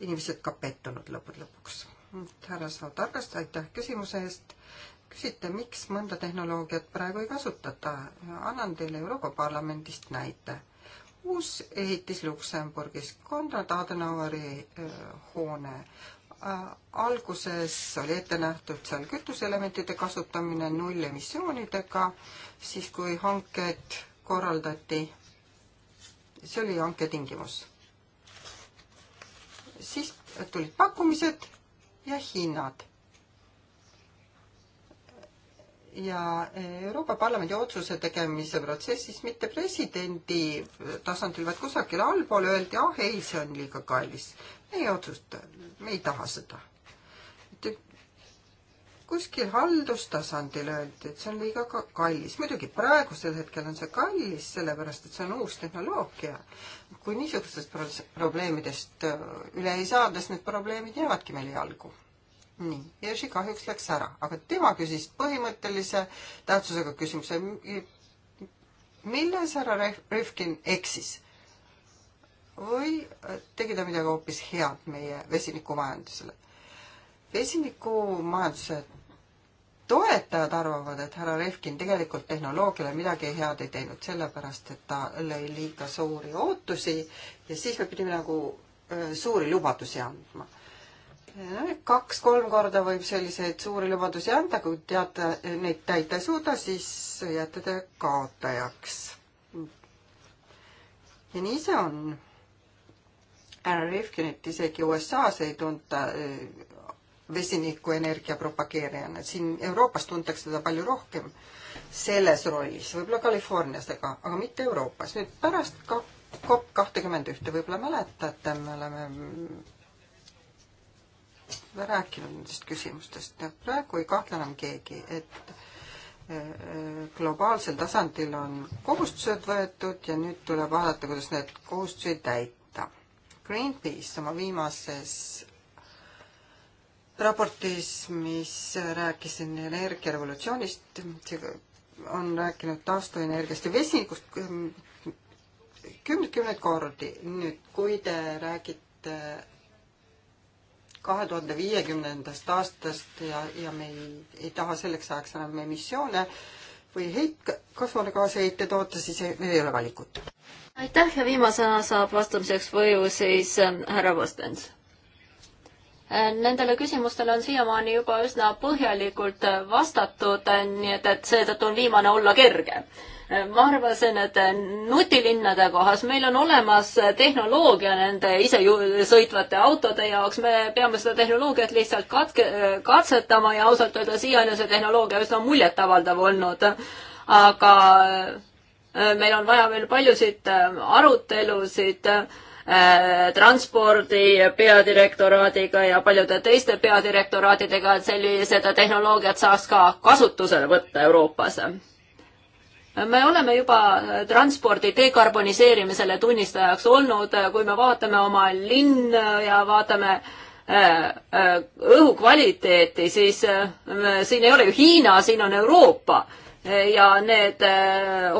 inimesed ka pettunud lõppude lõpuks. härra Saudargast, aitäh küsimuse eest. küsite, miks mõnda tehnoloogiat praegu ei kasutata? annan teile Euroopa Parlamendist näite uus ehitis Luksemburgis Konrad Adenaueri eh, hoone Äh, alguses oli ette nähtud seal kütuseelementide kasutamine nullemissioonidega, siis kui hanked korraldati, see oli hanke tingimus. siis tulid pakkumised ja hinnad ja Euroopa Parlamendi otsuse tegemise protsessis mitte presidendi tasandil, vaid kusagil allpool öeldi, ah ei, see on liiga kallis. me ei otsusta, me ei taha seda. kuskil haldustasandil öeldi, et see on liiga kallis. muidugi praegusel hetkel on see kallis, sellepärast et see on uus tehnoloogia. kui niisugustest probleemidest äh, üle ei saada, siis need probleemid jäävadki meile jalgu nii, Jerzy kahjuks läks ära, aga tema küsis põhimõttelise tähtsusega küsimuse. milles härra Rifkin eksis? või äh, tegi ta midagi hoopis head meie vesinikumajandusele? vesinikumajanduse toetajad arvavad, et härra Rifkin tegelikult tehnoloogiale midagi head ei teinud, sellepärast et ta lõi liiga suuri ootusi ja siis me pidime nagu äh, suuri lubadusi andma kaks-kolm korda võib selliseid suuri lubadusi anda, kui teate, neid täita ei suuda, siis jääte te kaotajaks. ja nii see on. härra Rifkinit isegi USA-s ei tunta eh, vesinikuenergia propageerijana, siin Euroopas tuntakse teda palju rohkem selles rollis, võib-olla Californias, aga, aga mitte Euroopas. nüüd pärast COP kahtekümmend ühte, võib-olla mäletate, me oleme rääkinud nendest küsimustest. praegu ei kahtle enam keegi, et äh, äh, globaalsel tasandil on kohustused võetud ja nüüd tuleb vaadata, kuidas need kohustusi täita. Greenpeace oma viimases raportis, mis rääkis energiarevolutsioonist, on rääkinud taastuvenergiast ja vesinikust kümneid-kümneid kordi. nüüd, kui te räägite kahe tuhande viiekümnendast aastast ja, ja me ei, ei taha selleks ajaks enam emissioone või heit-, kasvuhoonegaasiheited toota, siis ei, meil ei ole valikut. aitäh ja viimasena saab vastamiseks võju siis ähm, härra Vostens. Äh, nendele küsimustele on siiamaani juba üsna põhjalikult äh, vastatud, äh, nii et, et seetõttu on viimane olla kerge ma arvasin, et nutilinnade kohas meil on olemas tehnoloogia nende isesõitvate autode jaoks, me peame seda tehnoloogiat lihtsalt katke, katsetama ja ausalt öelda siiani on see tehnoloogia üsna muljetavaldav olnud. aga äh, meil on vaja veel paljusid äh, arutelusid äh, transpordi peadirektoraadiga ja paljude teiste peadirektoraatidega, et sellise tehnoloogiat saaks ka kasutusele võtta Euroopas me oleme juba äh, transpordi dekarboniseerimisele tunnistajaks olnud, äh, kui me vaatame oma linna äh, ja vaatame õhu kvaliteeti, siis siin ei ole ju Hiina, siin on Euroopa ja need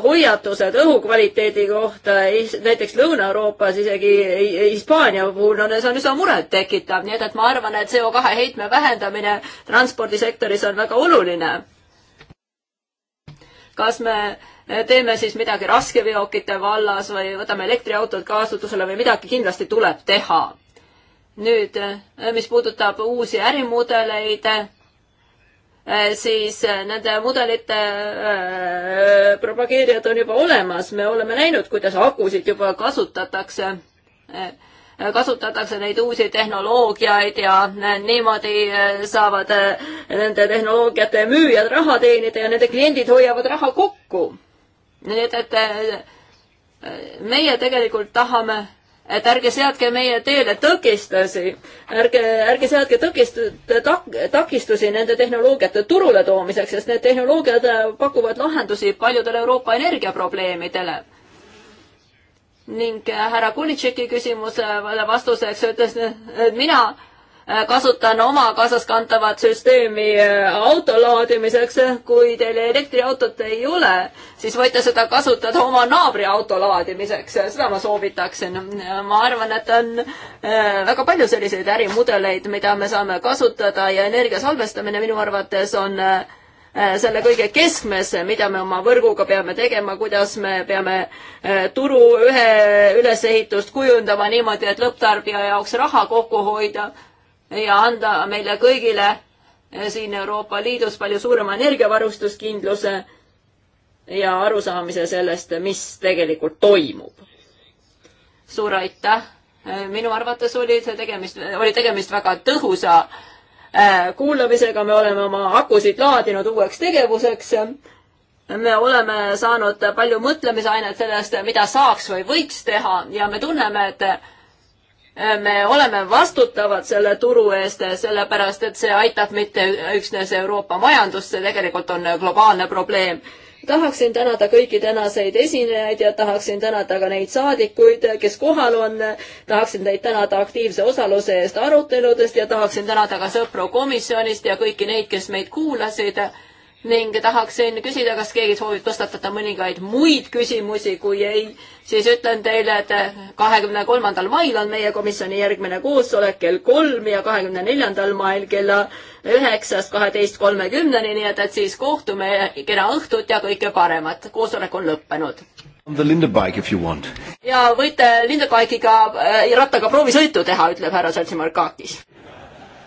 hoiatused õhukvaliteedi kohta näiteks Lõuna-Euroopas, isegi Hispaania puhul on, see on üsna murettekitav, nii et, et ma arvan, et CO2 heitme vähendamine transpordisektoris on väga oluline kas me teeme siis midagi raskeveokite vallas või võtame elektriautod kasutusele või midagi kindlasti tuleb teha. nüüd, mis puudutab uusi ärimudeleid, siis nende mudelite äh, propageerijad on juba olemas, me oleme näinud, kuidas akusid juba kasutatakse kasutatakse neid uusi tehnoloogiaid ja niimoodi eh, saavad eh, nende tehnoloogiate müüjad raha teenida ja nende kliendid hoiavad raha kokku. nii et, et eh, meie tegelikult tahame et ärge seadke meie teele tõkistusi, ärge, ärge seadke tõkist-, tak-, takistusi nende tehnoloogiate turule toomiseks, sest need tehnoloogiad pakuvad lahendusi paljudele Euroopa energiaprobleemidele ning äh, härra Kulitšeki küsimusele vastuseks ütles, et mina äh, kasutan oma kaasaskantavat süsteemi äh, auto laadimiseks. kui teil elektriautot ei ole, siis võite seda kasutada oma naabri auto laadimiseks, seda ma soovitaksin. ma arvan, et on väga palju selliseid ärimudeleid, mida me saame kasutada ja energia salvestamine minu arvates on äh, Äh, selle kõige keskmesse, mida me oma võrguga peame tegema, kuidas me peame äh, turu ühe ülesehitust kujundama niimoodi, et lõpptarbija jaoks raha kokku hoida ja anda meile kõigile äh, siin Euroopa Liidus palju suurema energiavarustuskindluse ja arusaamise sellest, mis tegelikult toimub. suur aitäh! minu arvates oli see tegemist, oli tegemist väga tõhusa äh, Äh, kuulamisega me oleme oma akusid laadinud uueks tegevuseks. me oleme saanud palju mõtlemisainet sellest, mida saaks või võiks teha ja me tunneme, et äh, me oleme vastutavad selle turu eest, sellepärast et see aitab mitte üksnes Euroopa majandust, see tegelikult on globaalne probleem tahaksin tänada kõiki tänaseid esinejaid ja tahaksin tänada ka neid saadikuid, kes kohal on. tahaksin teid tänada aktiivse osaluse eest aruteludest ja tahaksin tänada ka sõpru komisjonist ja kõiki neid, kes meid kuulasid ning tahaksin küsida, kas keegi soovib tõstatada mõningaid muid küsimusi, kui ei, siis ütlen teile, et kahekümne kolmandal mail on meie komisjoni järgmine koosolek kell kolm ja kahekümne neljandal mail kella üheksast kaheteist kolmekümneni, nii et, et siis kohtume, kena õhtut ja kõike paremat. koosolek on lõppenud. On the Lindebike if you want. ja võite Lindebike'iga äh,, rattaga proovisõitu teha, ütleb härra Saltsimarkakis.